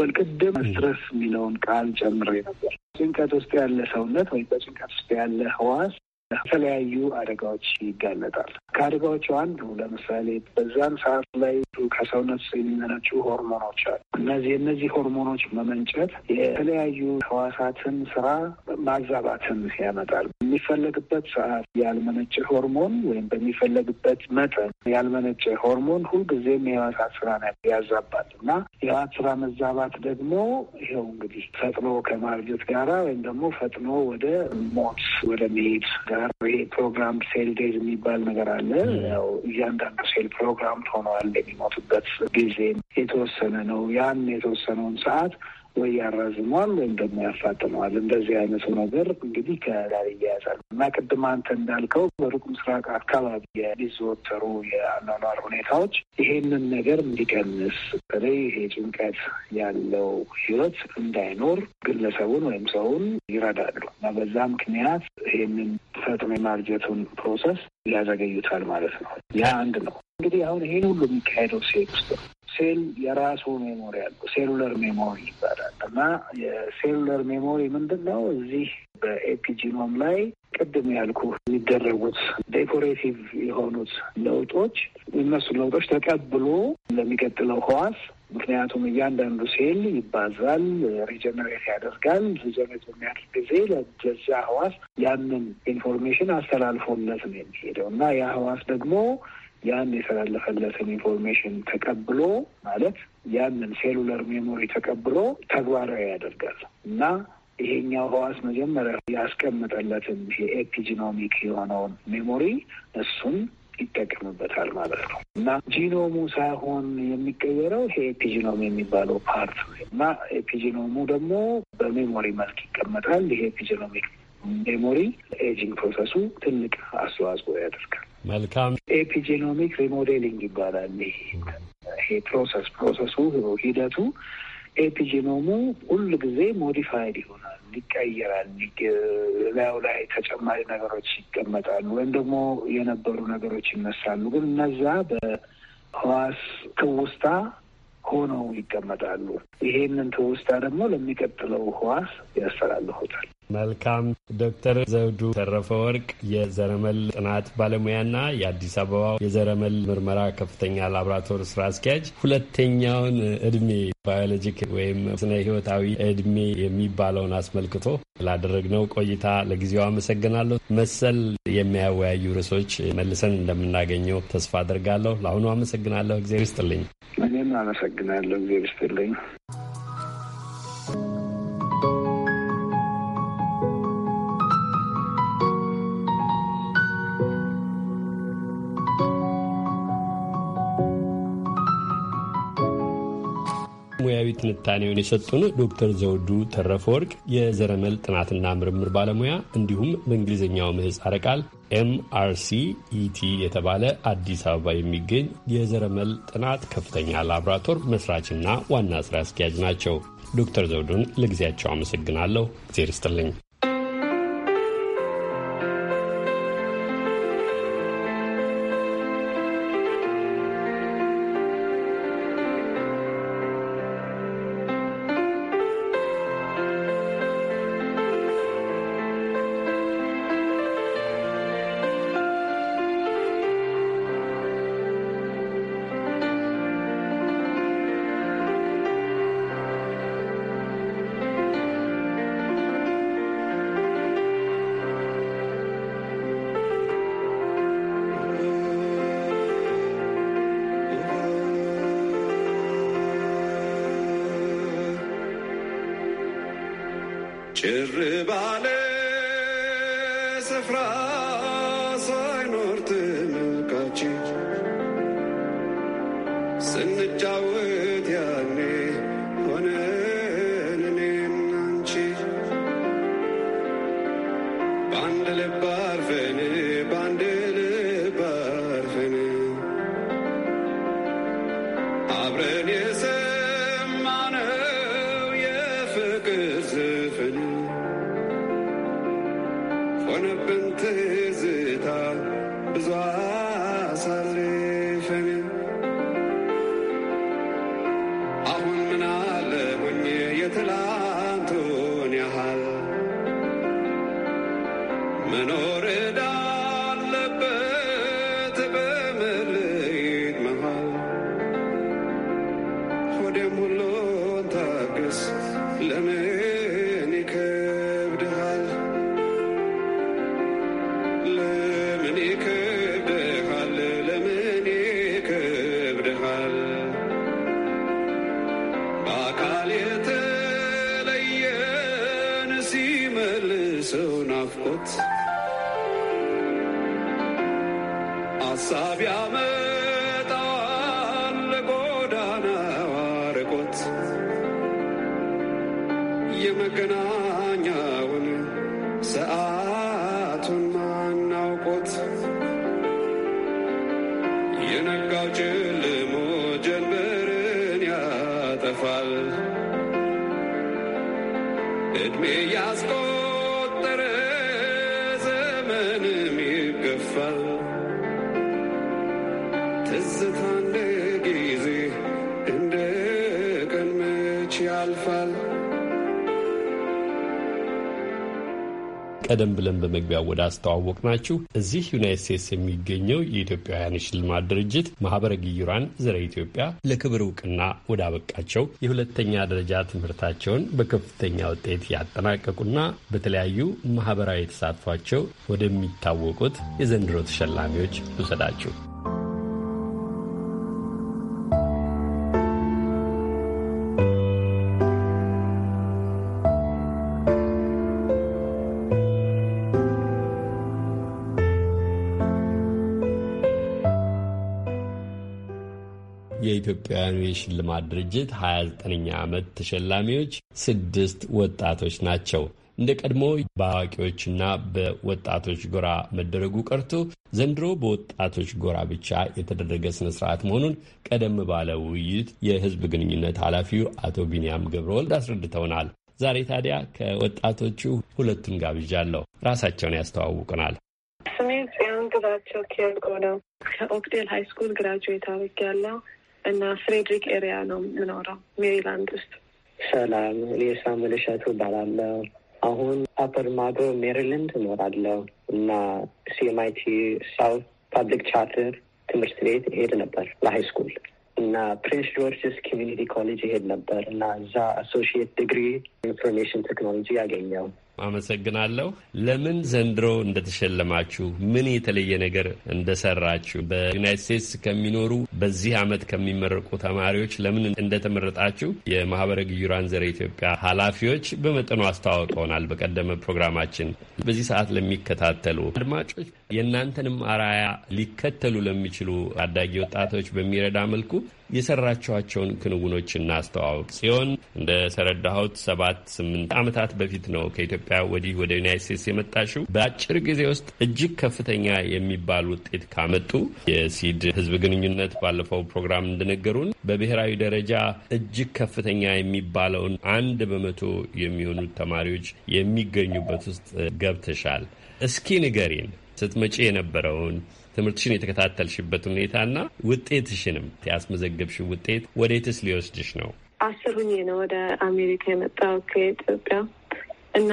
ወልቅድም ስትረስ የሚለውን ቃል ጨምሬ ነበር። ጭንቀት ውስጥ ያለ ሰውነት ወይም በጭንቀት ውስጥ ያለ ህዋስ ለተለያዩ አደጋዎች ይጋለጣል። ከአደጋዎቹ አንዱ ለምሳሌ በዛን ሰዓት ላይ ከሰውነት የሚመነጩ ሆርሞኖች አሉ። እነዚህ እነዚህ ሆርሞኖች መመንጨት የተለያዩ ህዋሳትን ስራ ማዛባትን ያመጣል። የሚፈለግበት ሰዓት ያልመነጨ ሆርሞን ወይም በሚፈለግበት መጠን ያልመነጨ ሆርሞን ሁልጊዜም የህዋሳት ስራ ያዛባል እና የህዋት ስራ መዛባት ደግሞ ይኸው እንግዲህ ፈጥኖ ከማርጀት ጋራ ወይም ደግሞ ፈጥኖ ወደ ሞት ወደ መሄድ ይሄ ፕሮግራም ሴል ዴዝ የሚባል ነገር አለ። ያው እያንዳንዱ ሴል ፕሮግራም ሆነዋል። የሚሞቱበት ጊዜ የተወሰነ ነው። ያን የተወሰነውን ሰዓት ወይ ያራዝመዋል ወይም ደግሞ ያፋጥመዋል። እንደዚህ አይነቱ ነገር እንግዲህ ከዳር እያያዛል እና ቅድም አንተ እንዳልከው በሩቅ ምስራቅ አካባቢ የሚዘወተሩ የአኗኗር ሁኔታዎች ይሄንን ነገር እንዲቀንስ በተለይ ይሄ ጭንቀት ያለው ህይወት እንዳይኖር ግለሰቡን ወይም ሰውን ይረዳሉ እና በዛ ምክንያት ይሄንን ፈጥኖ የማርጀቱን ፕሮሰስ ያዘገዩታል ማለት ነው። ያ አንድ ነው። እንግዲህ አሁን ይሄን ሁሉ የሚካሄደው ሴት ውስጥ ነው። ሴል የራሱ ሜሞሪ አለው። ሴሉለር ሜሞሪ ይባላል እና የሴሉለር ሜሞሪ ምንድን ነው? እዚህ በኤፒጂኖም ላይ ቅድም ያልኩ የሚደረጉት ዴኮሬቲቭ የሆኑት ለውጦች እነሱ ለውጦች ተቀብሎ ለሚቀጥለው ህዋስ ምክንያቱም እያንዳንዱ ሴል ይባዛል፣ ሪጀነሬት ያደርጋል። ሪጀነሬት በሚያደርግ ጊዜ ለዛ ህዋስ ያንን ኢንፎርሜሽን አስተላልፎለት ነው የሚሄደው እና ያ ህዋስ ደግሞ ያን የተላለፈለትን ኢንፎርሜሽን ተቀብሎ ማለት ያንን ሴሉለር ሜሞሪ ተቀብሎ ተግባራዊ ያደርጋል እና ይሄኛው ህዋስ መጀመሪያ ያስቀመጠለትን የኤፒጂኖሚክ የሆነውን ሜሞሪ እሱን ይጠቀምበታል ማለት ነው እና ጂኖሙ ሳይሆን የሚቀየረው ይሄ ኤፒጂኖም የሚባለው ፓርት እና ኤፒጂኖሙ ደግሞ በሜሞሪ መልክ ይቀመጣል። ይሄ ኤፒጂኖሚክ ሜሞሪ ኤጂንግ ፕሮሰሱ ትልቅ አስተዋጽኦ ያደርጋል። መልካም። ኤፒጄኖሚክ ሪሞዴሊንግ ይባላል። ይሄ ፕሮሰስ ፕሮሰሱ ሂደቱ ኤፒጂኖሙ ሁል ጊዜ ሞዲፋይድ ይሆናል፣ ይቀየራል። ላዩ ላይ ተጨማሪ ነገሮች ይቀመጣሉ ወይም ደግሞ የነበሩ ነገሮች ይነሳሉ። ግን እነዛ በህዋስ ትውስታ ሆነው ይቀመጣሉ። ይሄንን ትውስታ ደግሞ ለሚቀጥለው ህዋስ ያስተላልፎታል። መልካም ዶክተር ዘውዱ ተረፈ ወርቅ የዘረመል ጥናት ባለሙያና የአዲስ አበባ የዘረመል ምርመራ ከፍተኛ ላብራቶር ስራ አስኪያጅ፣ ሁለተኛውን እድሜ ባዮሎጂክ ወይም ስነ ህይወታዊ እድሜ የሚባለውን አስመልክቶ ላደረግነው ቆይታ ለጊዜው አመሰግናለሁ። መሰል የሚያወያዩ ርዕሶች መልሰን እንደምናገኘው ተስፋ አድርጋለሁ። ለአሁኑ አመሰግናለሁ። እግዜር ይስጥልኝ። እኔም አመሰግናለሁ። እግዜር ይስጥልኝ። ሙያዊ ትንታኔውን የሰጡን ዶክተር ዘውዱ ተረፈ ወርቅ የዘረመል ጥናትና ምርምር ባለሙያ እንዲሁም በእንግሊዝኛው ምህጻረ ቃል ኤምአርሲ ኢቲ የተባለ አዲስ አበባ የሚገኝ የዘረመል ጥናት ከፍተኛ ላብራቶር መስራችና ዋና ስራ አስኪያጅ ናቸው። ዶክተር ዘውዱን ለጊዜያቸው አመሰግናለሁ። ዜር ስጥልኝ። ጭር ባለ ስፍራ ቀደም ብለን በመግቢያ ወደ አስተዋወቅ ናችሁ እዚህ ዩናይት ስቴትስ የሚገኘው የኢትዮጵያውያን ሽልማት ድርጅት ማህበረ ግዩራን ዘረ ኢትዮጵያ ለክብር እውቅና ወደ አበቃቸው የሁለተኛ ደረጃ ትምህርታቸውን በከፍተኛ ውጤት ያጠናቀቁና በተለያዩ ማህበራዊ ተሳትፏቸው ወደሚታወቁት የዘንድሮ ተሸላሚዎች ውሰዳችሁ። የኢትዮጵያውያኑ የሽልማት ድርጅት 29ኛ ዓመት ተሸላሚዎች ስድስት ወጣቶች ናቸው። እንደ ቀድሞ በአዋቂዎችና በወጣቶች ጎራ መደረጉ ቀርቶ ዘንድሮ በወጣቶች ጎራ ብቻ የተደረገ ስነ ስርዓት መሆኑን ቀደም ባለ ውይይት የህዝብ ግንኙነት ኃላፊው አቶ ቢንያም ገብረወልድ አስረድተውናል። ዛሬ ታዲያ ከወጣቶቹ ሁለቱን ጋብዣለሁ። ራሳቸውን ያስተዋውቁናል። ስሜ ጽያን ግዛቸው ኬልቆ ነው። ከኦክዴል ሃይ ስኩል ግራጁዌት አድርጌያለሁ። እና ፍሬድሪክ ኤሪያ ነው የምኖረው ሜሪላንድ ውስጥ። ሰላም፣ እኔ ሳሙኤል እሸቱ እባላለሁ። አሁን አፐር ማዶ ሜሪላንድ እኖራለሁ እና ሲኤምአይቲ ሳውት ፓብሊክ ቻርተር ትምህርት ቤት ሄድ ነበር ለሃይ ስኩል እና ፕሪንስ ጆርጅስ ኮሚኒቲ ኮሌጅ ሄድ ነበር እና እዛ አሶሺየት ዲግሪ ኢንፎርሜሽን ቴክኖሎጂ ያገኘው። አመሰግናለሁ። ለምን ዘንድሮ እንደተሸለማችሁ ምን የተለየ ነገር እንደሰራችሁ በዩናይት ስቴትስ ከሚኖሩ በዚህ አመት ከሚመረቁ ተማሪዎች ለምን እንደተመረጣችሁ የማህበረ ግዩራን ዘረ ኢትዮጵያ ኃላፊዎች በመጠኑ አስተዋውቀውናል በቀደመ ፕሮግራማችን። በዚህ ሰዓት ለሚከታተሉ አድማጮች የእናንተንም አራያ ሊከተሉ ለሚችሉ ታዳጊ ወጣቶች በሚረዳ መልኩ የሰራችኋቸውን ክንውኖች እናስተዋውቅ ሲሆን እንደ ሰረዳሁት ሰባት ስምንት ዓመታት በፊት ነው ከኢትዮጵያ ወዲህ ወደ ዩናይት ስቴትስ የመጣሽው። በአጭር ጊዜ ውስጥ እጅግ ከፍተኛ የሚባል ውጤት ካመጡ የሲድ ህዝብ ግንኙነት ባለፈው ፕሮግራም እንደነገሩን በብሔራዊ ደረጃ እጅግ ከፍተኛ የሚባለውን አንድ በመቶ የሚሆኑት ተማሪዎች የሚገኙበት ውስጥ ገብተሻል። እስኪ ንገሪን ስትመጪ የነበረውን ትምህርትሽን የተከታተልሽበት ሁኔታና ውጤትሽንም ያስመዘገብሽ ውጤት ወዴትስ ሊወስድሽ ነው? አስሩኝ ነው ወደ አሜሪካ የመጣው ከኢትዮጵያ እና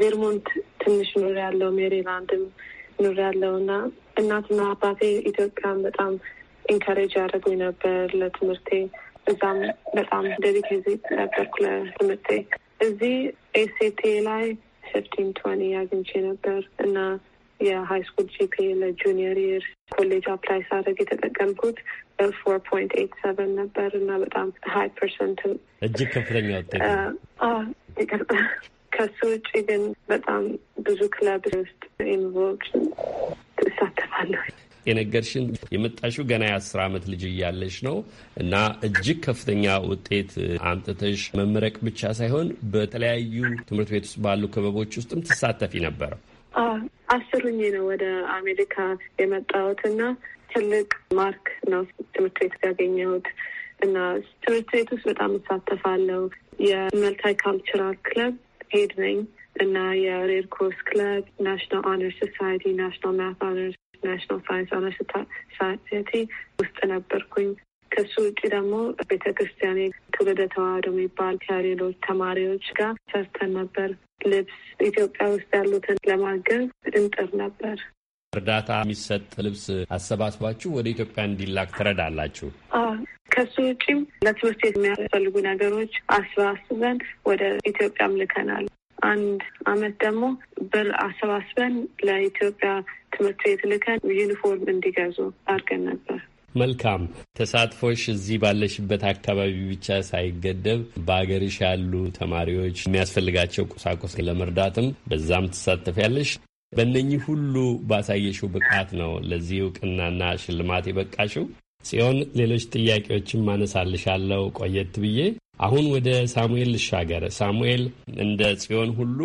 ቬርሞንት ትንሽ ኑር ያለው ሜሪላንድም ኑር ያለው እና እናትና አባቴ ኢትዮጵያን በጣም ኢንካሬጅ ያደረጉኝ ነበር ለትምህርቴ። እዛም በጣም ዴዲኬት ነበርኩ ለትምህርቴ። እዚህ ኤሴቴ ላይ ፊፍቲን ትዋኒ አግኝቼ ነበር እና የሀይ ስኩል ጂፒ ለጁኒየር የር ኮሌጅ አፕላይ ሳደርግ የተጠቀምኩት ፎር ፖይንት ኤይት ሰቨን ነበር እና በጣም ሀይ ፐርሰንት እጅግ ከፍተኛ ውጤት። ከሱ ውጭ ግን በጣም ብዙ ክለብ ውስጥ ኢንቮልቭ ትሳተፋለሁ። የነገርሽን የመጣሽው ገና የአስር ዓመት ልጅ እያለሽ ነው እና እጅግ ከፍተኛ ውጤት አምጥተሽ መመረቅ ብቻ ሳይሆን በተለያዩ ትምህርት ቤት ውስጥ ባሉ ክበቦች ውስጥም ትሳተፊ ነበረው። አስሩኝ ነው ወደ አሜሪካ የመጣሁት እና ትልቅ ማርክ ነው ትምህርት ቤት ያገኘሁት እና ትምህርት ቤት ውስጥ በጣም እሳተፋለሁ። የመልታይ ካልቸራል ክለብ ሄድ ነኝ እና የሬድ ክሮስ ክለብ፣ ናሽናል ኦነር ሶሳይቲ፣ ናሽናል ማት ኦነር፣ ናሽናል ሳይንስ ኦነር ሶሳይቲ ውስጥ ነበርኩኝ። ከሱ ውጭ ደግሞ ቤተ ክርስቲያኔ ትውልደ ተዋህዶ የሚባል ከሌሎች ተማሪዎች ጋር ሰርተን ነበር። ልብስ ኢትዮጵያ ውስጥ ያሉትን ለማገዝ እንጥር ነበር። እርዳታ የሚሰጥ ልብስ አሰባስባችሁ ወደ ኢትዮጵያ እንዲላክ ትረዳላችሁ። ከሱ ውጭም ለትምህርት ቤት የሚያስፈልጉ ነገሮች አሰባስበን ወደ ኢትዮጵያም ልከናል። አንድ አመት ደግሞ ብር አሰባስበን ለኢትዮጵያ ትምህርት ቤት ልከን ዩኒፎርም እንዲገዙ አድርገን ነበር። መልካም ተሳትፎሽ እዚህ ባለሽበት አካባቢ ብቻ ሳይገደብ በሀገርሽ ያሉ ተማሪዎች የሚያስፈልጋቸው ቁሳቁስ ለመርዳትም በዛም ትሳተፊያለሽ። በእነኚህ ሁሉ ባሳየሽው ብቃት ነው ለዚህ እውቅናና ሽልማት የበቃሽው። ጽዮን፣ ሌሎች ጥያቄዎችም ማነሳልሻለሁ ቆየት ብዬ። አሁን ወደ ሳሙኤል ልሻገር። ሳሙኤል እንደ ጽዮን ሁሉ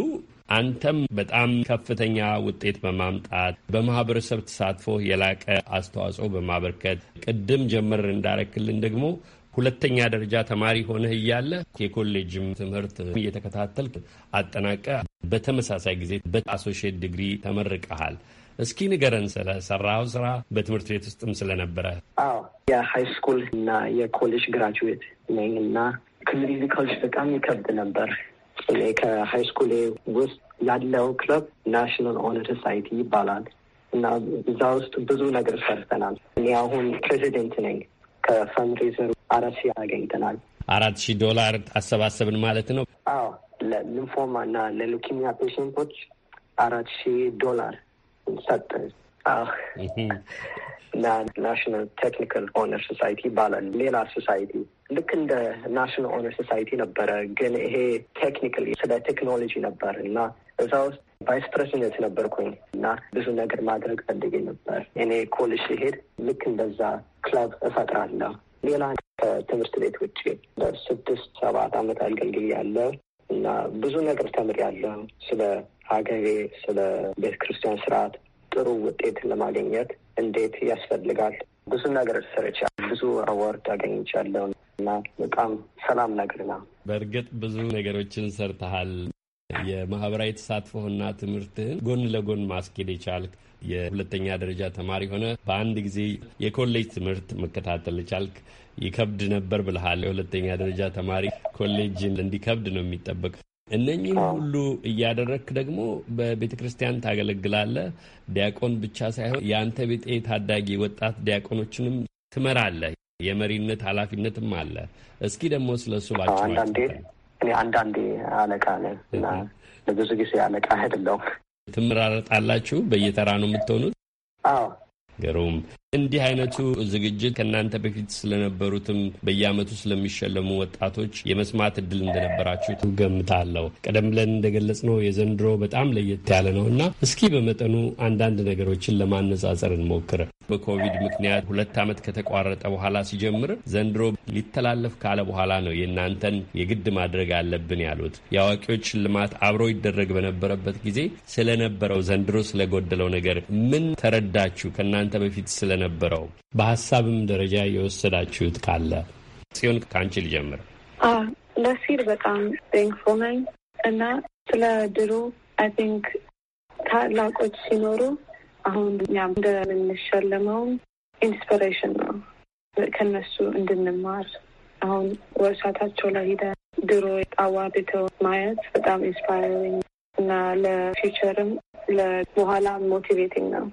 አንተም በጣም ከፍተኛ ውጤት በማምጣት በማህበረሰብ ተሳትፎ የላቀ አስተዋጽኦ በማበርከት ቅድም ጀምር እንዳረክልን ደግሞ ሁለተኛ ደረጃ ተማሪ ሆነህ እያለ የኮሌጅም ትምህርት እየተከታተል አጠናቀ በተመሳሳይ ጊዜ በአሶሽየት ዲግሪ ተመርቀሃል። እስኪ ንገረን ስለሰራው ስራ በትምህርት ቤት ውስጥም ስለነበረ። አዎ የሃይ ስኩል እና የኮሌጅ ግራጁዌት ነኝ እና ክሊኒካሎች በጣም ይከብድ ነበር እኔ ከሀይ ስኩሌ ውስጥ ያለው ክለብ ናሽናል ኦነር ሶሳይቲ ይባላል እና እዛ ውስጥ ብዙ ነገር ሰርተናል። እኔ አሁን ፕሬዚደንት ነኝ። ከፈንድሬዘሩ አራት ሺህ አገኝተናል። አራት ሺህ ዶላር አሰባሰብን ማለት ነው። አዎ ለሊምፎማ እና ለሉኪሚያ ፔሽንቶች አራት ሺህ ዶላር ሰጠን። እና ናሽናል ቴክኒካል ኦነር ሶሳይቲ ይባላል ሌላ ሶሳይቲ ልክ እንደ ናሽናል ኦነር ሶሳይቲ ነበረ፣ ግን ይሄ ቴክኒካሊ ስለ ቴክኖሎጂ ነበር እና እዛ ውስጥ ቫይስ ፕሬዚደንት ነበርኩኝ እና ብዙ ነገር ማድረግ ፈልጌ ነበር። እኔ ኮሌጅ ሲሄድ ልክ እንደዛ ክለብ እፈጥራለሁ። ሌላ ከትምህርት ቤት ውጭ ለስድስት ሰባት ዓመት አገልግያለሁ እና ብዙ ነገር ተምሬያለሁ ስለ ሀገሬ፣ ስለ ቤተ ክርስቲያን ስርዓት ጥሩ ውጤት ለማግኘት እንዴት ያስፈልጋል ብዙ ነገር ሰርቻለሁ። ብዙ አዋርድ አገኝቻለሁ። እና በጣም ሰላም ነገር ነው። በእርግጥ ብዙ ነገሮችን ሰርተሃል። የማህበራዊ ተሳትፎና ትምህርትህን ጎን ለጎን ማስኬድ የቻልክ የሁለተኛ ደረጃ ተማሪ ሆነ በአንድ ጊዜ የኮሌጅ ትምህርት መከታተል ቻልክ። ይከብድ ነበር ብልሃል። የሁለተኛ ደረጃ ተማሪ ኮሌጅ እንዲከብድ ነው የሚጠበቅ። እነኚህም ሁሉ እያደረግክ ደግሞ በቤተ ክርስቲያን ታገለግላለህ። ዲያቆን ብቻ ሳይሆን የአንተ ቤጤ ታዳጊ ወጣት ዲያቆኖችንም ትመራለህ። የመሪነት ኃላፊነትም አለ። እስኪ ደግሞ ስለ እሱ ባቸው አንዳንዴ እኔ አንዳንዴ አለቃ ነኝ እና ብዙ ጊዜ አለቃ አይደለሁም። ትምራረጣላችሁ በየተራ ነው የምትሆኑት? አዎ። ግሩም እንዲህ አይነቱ ዝግጅት ከእናንተ በፊት ስለነበሩትም በየአመቱ ስለሚሸለሙ ወጣቶች የመስማት እድል እንደነበራችሁ ገምታለሁ። ቀደም ብለን እንደገለጽ ነው የዘንድሮ በጣም ለየት ያለ ነው እና እስኪ በመጠኑ አንዳንድ ነገሮችን ለማነጻጸር እንሞክር። በኮቪድ ምክንያት ሁለት ዓመት ከተቋረጠ በኋላ ሲጀምር ዘንድሮ ሊተላለፍ ካለ በኋላ ነው የእናንተን የግድ ማድረግ አለብን ያሉት። የአዋቂዎች ሽልማት አብሮ ይደረግ በነበረበት ጊዜ ስለነበረው ዘንድሮ ስለጎደለው ነገር ምን ተረዳችሁ? ከእናንተ በፊት ስለ ለነበረው በሀሳብም ደረጃ የወሰዳችሁት ካለ ሲሆን ከአንቺ ልጀምር። ለሲል በጣም ቴንክፉል ነኝ እና ስለ ድሮ አይ ቲንክ ታላቆች ሲኖሩ አሁን እኛም እንደምንሸለመውም ኢንስፒሬሽን ነው ከነሱ እንድንማር አሁን ወርሳታቸው ላይ ሄደ ድሮ አዋድተው ማየት በጣም ኢንስፓሪንግ እና ለፊውቸርም ለበኋላ ሞቲቬቲንግ ነው።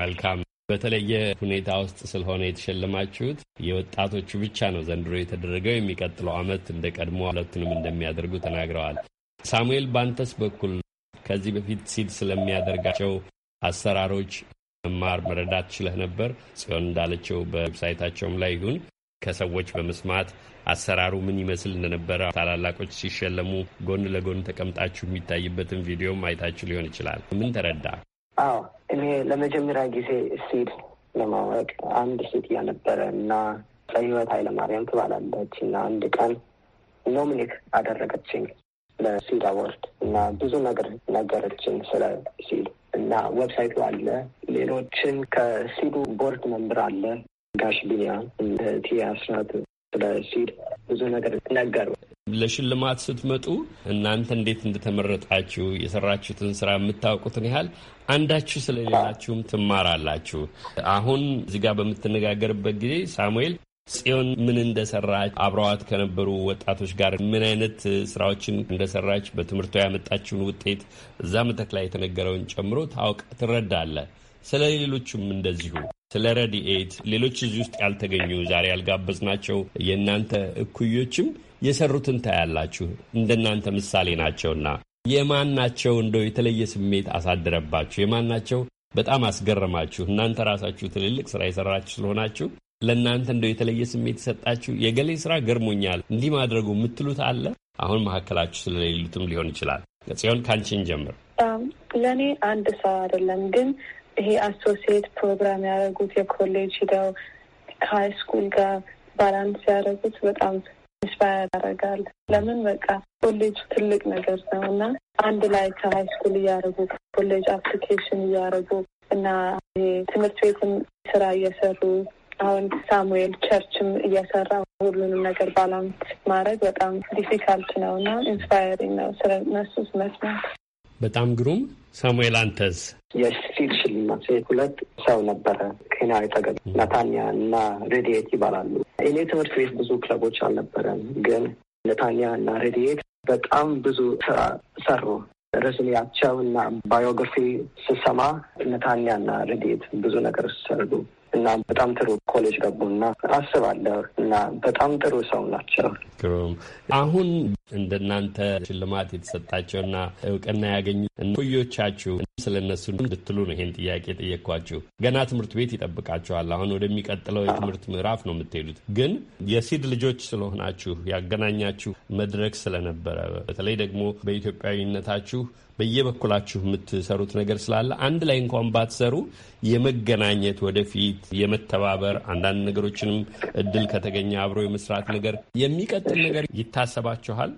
መልካም በተለየ ሁኔታ ውስጥ ስለሆነ የተሸለማችሁት የወጣቶቹ ብቻ ነው ዘንድሮ የተደረገው። የሚቀጥለው ዓመት እንደ ቀድሞ ሁለቱንም እንደሚያደርጉ ተናግረዋል። ሳሙኤል ባንተስ በኩል ከዚህ በፊት ሲድ ስለሚያደርጋቸው አሰራሮች መማር መረዳት ችለህ ነበር? ጽዮን እንዳለችው በዌብሳይታቸውም ላይ ይሁን ከሰዎች በመስማት አሰራሩ ምን ይመስል እንደነበረ ታላላቆች ሲሸለሙ ጎን ለጎን ተቀምጣችሁ የሚታይበትን ቪዲዮም አይታችሁ ሊሆን ይችላል። ምን ተረዳ? አዎ እኔ ለመጀመሪያ ጊዜ ሲድ ለማወቅ አንድ ሴት እያነበረ እና ለህይወት ኃይለማርያም ትባላለች እና አንድ ቀን ኖሚኒክ አደረገችኝ ለሲድ አወርድ እና ብዙ ነገር ነገረችን ስለ ሲድ እና ዌብሳይቱ አለ። ሌሎችን ከሲዱ ቦርድ መምበር አለ ጋሽ ቢኒያ እንደ ቲ አስራት ስለ ሲድ ብዙ ነገር ነገሩ ለሽልማት ስትመጡ እናንተ እንዴት እንደተመረጣችሁ የሰራችሁትን ስራ የምታውቁትን ያህል አንዳችሁ ስለሌላችሁም ትማራላችሁ። አሁን እዚህ ጋር በምትነጋገርበት ጊዜ ሳሙኤል ጽዮን ምን እንደሰራች አብረዋት ከነበሩ ወጣቶች ጋር ምን አይነት ስራዎችን እንደሰራች በትምህርቷ ያመጣችውን ውጤት እዛ መድረክ ላይ የተነገረውን ጨምሮ ታውቅ ትረዳለ። ስለ ሌሎችም እንደዚሁ ስለ ረድኤት ሌሎች እዚህ ውስጥ ያልተገኙ ዛሬ ያልጋበዝናቸው የእናንተ እኩዮችም የሰሩትን ታያላችሁ። እንደናንተ ምሳሌ ናቸውና የማን ናቸው እንደው የተለየ ስሜት አሳደረባችሁ? የማን ናቸው በጣም አስገረማችሁ? እናንተ ራሳችሁ ትልልቅ ስራ የሰራችሁ ስለሆናችሁ ለእናንተ እንደው የተለየ ስሜት የሰጣችሁ የገሌ ስራ ገርሞኛል እንዲህ ማድረጉ የምትሉት አለ? አሁን መካከላችሁ ስለሌሉትም ሊሆን ይችላል። ጽዮን ካንቺን ጀምር። ለእኔ አንድ ሰው አይደለም ግን ይሄ አሶሲየት ፕሮግራም ያደረጉት የኮሌጅ ሂደው ከሀይ ስኩል ጋር ባላንስ ያደረጉት በጣም ኢንስፓየር ያደርጋል። ለምን በቃ ኮሌጅ ትልቅ ነገር ነው እና አንድ ላይ ከሀይ ስኩል እያደረጉ ኮሌጅ አፕሊኬሽን እያደረጉ እና ትምህርት ቤትም ስራ እየሰሩ አሁን ሳሙኤል ቸርችም እየሰራ ሁሉንም ነገር ባላንስ ማድረግ በጣም ዲፊካልት ነው እና ኢንስፓየሪንግ ነው ስለነሱ መስማት በጣም ግሩም። ሳሙኤል አንተዝ የሲል ሽልማት ሁለት ሰው ነበረ። ና ጠገብ ነታንያ እና ሬዲየት ይባላሉ። እኔ ትምህርት ቤት ብዙ ክለቦች አልነበረም፣ ግን ነታንያ እና ሬዲየት በጣም ብዙ ስራ ሰሩ። ረዝሜያቸው እና ባዮግራፊ ስሰማ ነታንያ እና ሬዲየት ብዙ ነገር ሰሩ። እና በጣም ጥሩ ኮሌጅ ገቡና አስባለሁ እና በጣም ጥሩ ሰው ናቸው። ግሩም አሁን እንደናንተ ሽልማት የተሰጣቸውና እውቅና ያገኙ እኩዮቻችሁ ስለ እነሱ እንድትሉ ነው ይሄን ጥያቄ ጠየቅኳችሁ። ገና ትምህርት ቤት ይጠብቃችኋል። አሁን ወደሚቀጥለው የትምህርት ምዕራፍ ነው የምትሄዱት። ግን የሲድ ልጆች ስለሆናችሁ ያገናኛችሁ መድረክ ስለነበረ በተለይ ደግሞ በኢትዮጵያዊነታችሁ በየበኩላችሁ የምትሰሩት ነገር ስላለ አንድ ላይ እንኳን ባትሰሩ የመገናኘት ወደፊት የመተባበር አንዳንድ ነገሮችንም እድል ከተገኘ አብሮ የመስራት ነገር የሚቀጥል ነገር ይታሰባችኋል?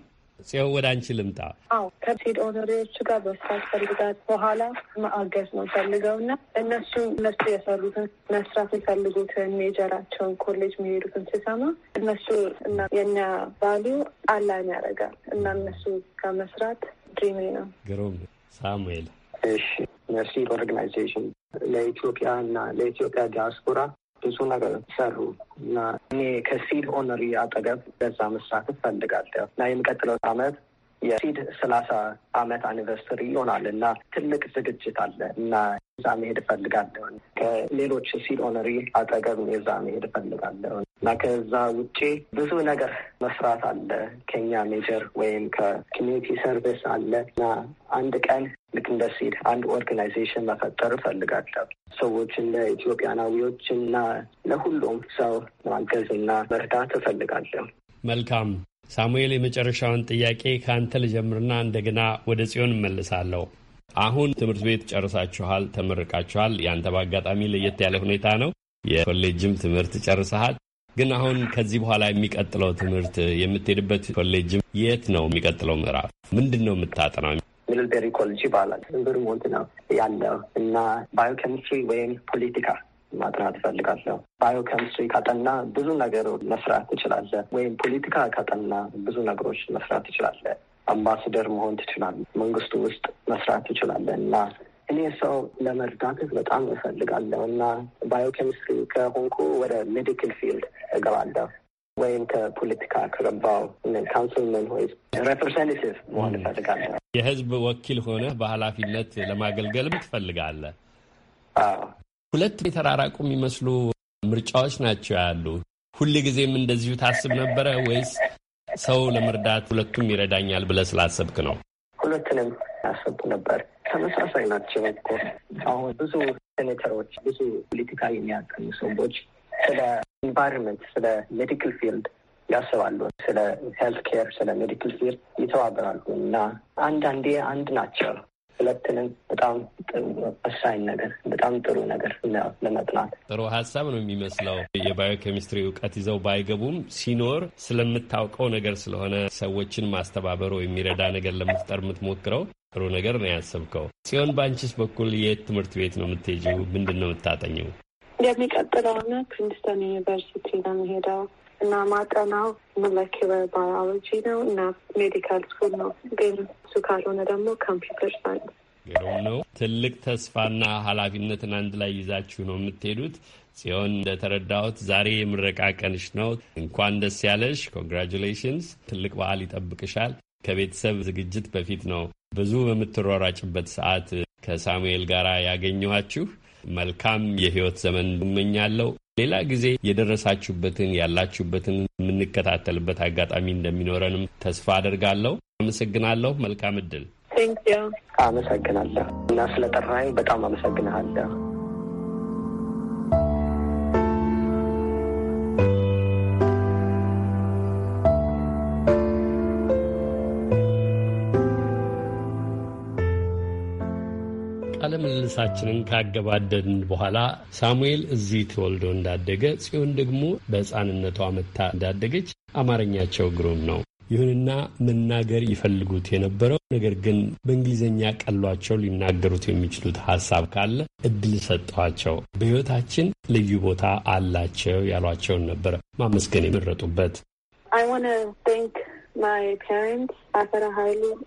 ጽዮን ወደ አንቺ ልምጣ። አዎ ከሴት ኦነሬዎች ጋር በስፋት ፈልጋት በኋላ ማአገዝ ነው ፈልገው እና እነሱ እነሱ የሰሩትን መስራት የፈልጉትን ሜጀራቸውን ኮሌጅ የሚሄዱትን ስሰማ እነሱ እና የኛ ባሉ አላን ያደርጋል እና እነሱ ጋር መስራት ድሪሜ ነው። ግሩም ሳሙኤል። እሺ መርሲ ኦርጋናይዜሽን ለኢትዮጵያ እና ለኢትዮጵያ ዲያስፖራ ብዙ ነገር ሰሩ እና እኔ ከሲድ ኦነሪ አጠገብ በዛ መሳተፍ ፈልጋለሁ እና የሚቀጥለው አመት የሲድ ሰላሳ አመት አኒቨርሰሪ ይሆናል እና ትልቅ ዝግጅት አለ እና እዛ መሄድ እፈልጋለሁ። ከሌሎች ሲልኦነሪ አጠገብ እዛ መሄድ እፈልጋለሁ እና ከዛ ውጭ ብዙ ነገር መስራት አለ። ከኛ ሜጀር ወይም ከኮሚኒቲ ሰርቪስ አለ እና አንድ ቀን ልክ እንደ ሲድ አንድ ኦርጋናይዜሽን መፈጠር እፈልጋለሁ። ሰዎችን ለኢትዮጵያናዊዎች እና ለሁሉም ሰው ማገዝ እና መርዳት እፈልጋለሁ። መልካም ሳሙኤል፣ የመጨረሻውን ጥያቄ ከአንተ ልጀምርና እንደገና ወደ ጽዮን እመልሳለሁ። አሁን ትምህርት ቤት ጨርሳችኋል፣ ተመርቃችኋል። ያንተ በአጋጣሚ ለየት ያለ ሁኔታ ነው። የኮሌጅም ትምህርት ጨርሰሃል። ግን አሁን ከዚህ በኋላ የሚቀጥለው ትምህርት የምትሄድበት ኮሌጅም የት ነው? የሚቀጥለው ምዕራፍ ምንድን ነው የምታጠናው? ሚድልቤሪ ኮሌጅ ይባላል። ቨርሞንት ነው ያለው እና ባዮኬሚስትሪ ወይም ፖለቲካ ማጥናት እፈልጋለሁ። ባዮኬሚስትሪ ካጠና ብዙ ነገር መስራት ትችላለህ፣ ወይም ፖለቲካ ካጠና ብዙ ነገሮች መስራት ትችላለህ። አምባሳደር መሆን ትችላለህ፣ መንግስቱ ውስጥ መስራት ትችላለህ እና እኔ ሰው ለመርዳት በጣም እፈልጋለሁ እና ባዮኬሚስትሪ ከሆንኩ ወደ ሜዲካል ፊልድ እገባለሁ ወይም ከፖለቲካ ከገባው ካውንስልመን ወይ ሬፕሬዘንቲቭ መሆን እፈልጋለሁ። የህዝብ ወኪል ሆነህ በኃላፊነት ለማገልገልም ትፈልጋለህ። ሁለት የተራራቁ የሚመስሉ ምርጫዎች ናቸው ያሉ። ጊዜም እንደዚሁ ታስብ ነበረ ወይስ ሰው ለመርዳት ሁለቱም ይረዳኛል ብለህ ስላሰብክ ነው? ሁለቱንም ያሰብኩ ነበር። ተመሳሳይ ናቸው እኮ አሁን ብዙ ሴኔተሮች፣ ብዙ ፖለቲካ የሚያቀኙ ሰዎች ስለ ኢንቫይሮንመንት፣ ስለ ሜዲካል ፊልድ ያስባሉ። ስለ ሄልት ኬር፣ ስለ ሜዲካል ፊልድ ይተባበራሉ እና አንዳንዴ አንድ ናቸው ሁለትንም በጣም ወሳኝ ነገር በጣም ጥሩ ነገር ለመጥናት ጥሩ ሀሳብ ነው የሚመስለው። የባዮኬሚስትሪ እውቀት ይዘው ባይገቡም ሲኖር ስለምታውቀው ነገር ስለሆነ ሰዎችን ማስተባበሩ የሚረዳ ነገር ለመፍጠር የምትሞክረው ጥሩ ነገር ነው ያሰብከው። ጽዮን፣ ባንችስ በኩል የት ትምህርት ቤት ነው የምትሄጂው? ምንድን ነው የምታጠኘው? የሚቀጥለው አመት ፕሪንስተን ዩኒቨርሲቲ ነው የምሄደው። እና ማጠናው ሞለኪውለር ባዮሎጂ ነው እና ሜዲካል ስኩል ነው። ግን እሱ ካልሆነ ደግሞ ኮምፒውተር ሳይንስ ግሩም ነው። ትልቅ ተስፋና ኃላፊነትን አንድ ላይ ይዛችሁ ነው የምትሄዱት። ጽዮን እንደተረዳሁት ዛሬ የምረቃ ቀንሽ ነው። እንኳን ደስ ያለሽ። ኮንግራጁሌሽንስ። ትልቅ በዓል ይጠብቅሻል። ከቤተሰብ ዝግጅት በፊት ነው ብዙ በምትሯሯጭበት ሰዓት ከሳሙኤል ጋር ያገኘኋችሁ። መልካም የህይወት ዘመን እመኛለሁ። ሌላ ጊዜ የደረሳችሁበትን ያላችሁበትን የምንከታተልበት አጋጣሚ እንደሚኖረንም ተስፋ አደርጋለሁ። አመሰግናለሁ። መልካም እድል። አመሰግናለሁ እና ስለጠራኸኝ በጣም አመሰግናለሁ። ርዕሳችንን ካገባደድን በኋላ ሳሙኤል እዚህ ተወልዶ እንዳደገ፣ ጽዮን ደግሞ በሕፃንነቷ መታ እንዳደገች አማርኛቸው ግሩም ነው። ይሁንና መናገር ይፈልጉት የነበረው ነገር ግን በእንግሊዝኛ ቀሏቸው ሊናገሩት የሚችሉት ሀሳብ ካለ እድል ሰጠኋቸው። በሕይወታችን ልዩ ቦታ አላቸው ያሏቸውን ነበረ ማመስገን የመረጡበት። my parents, Afara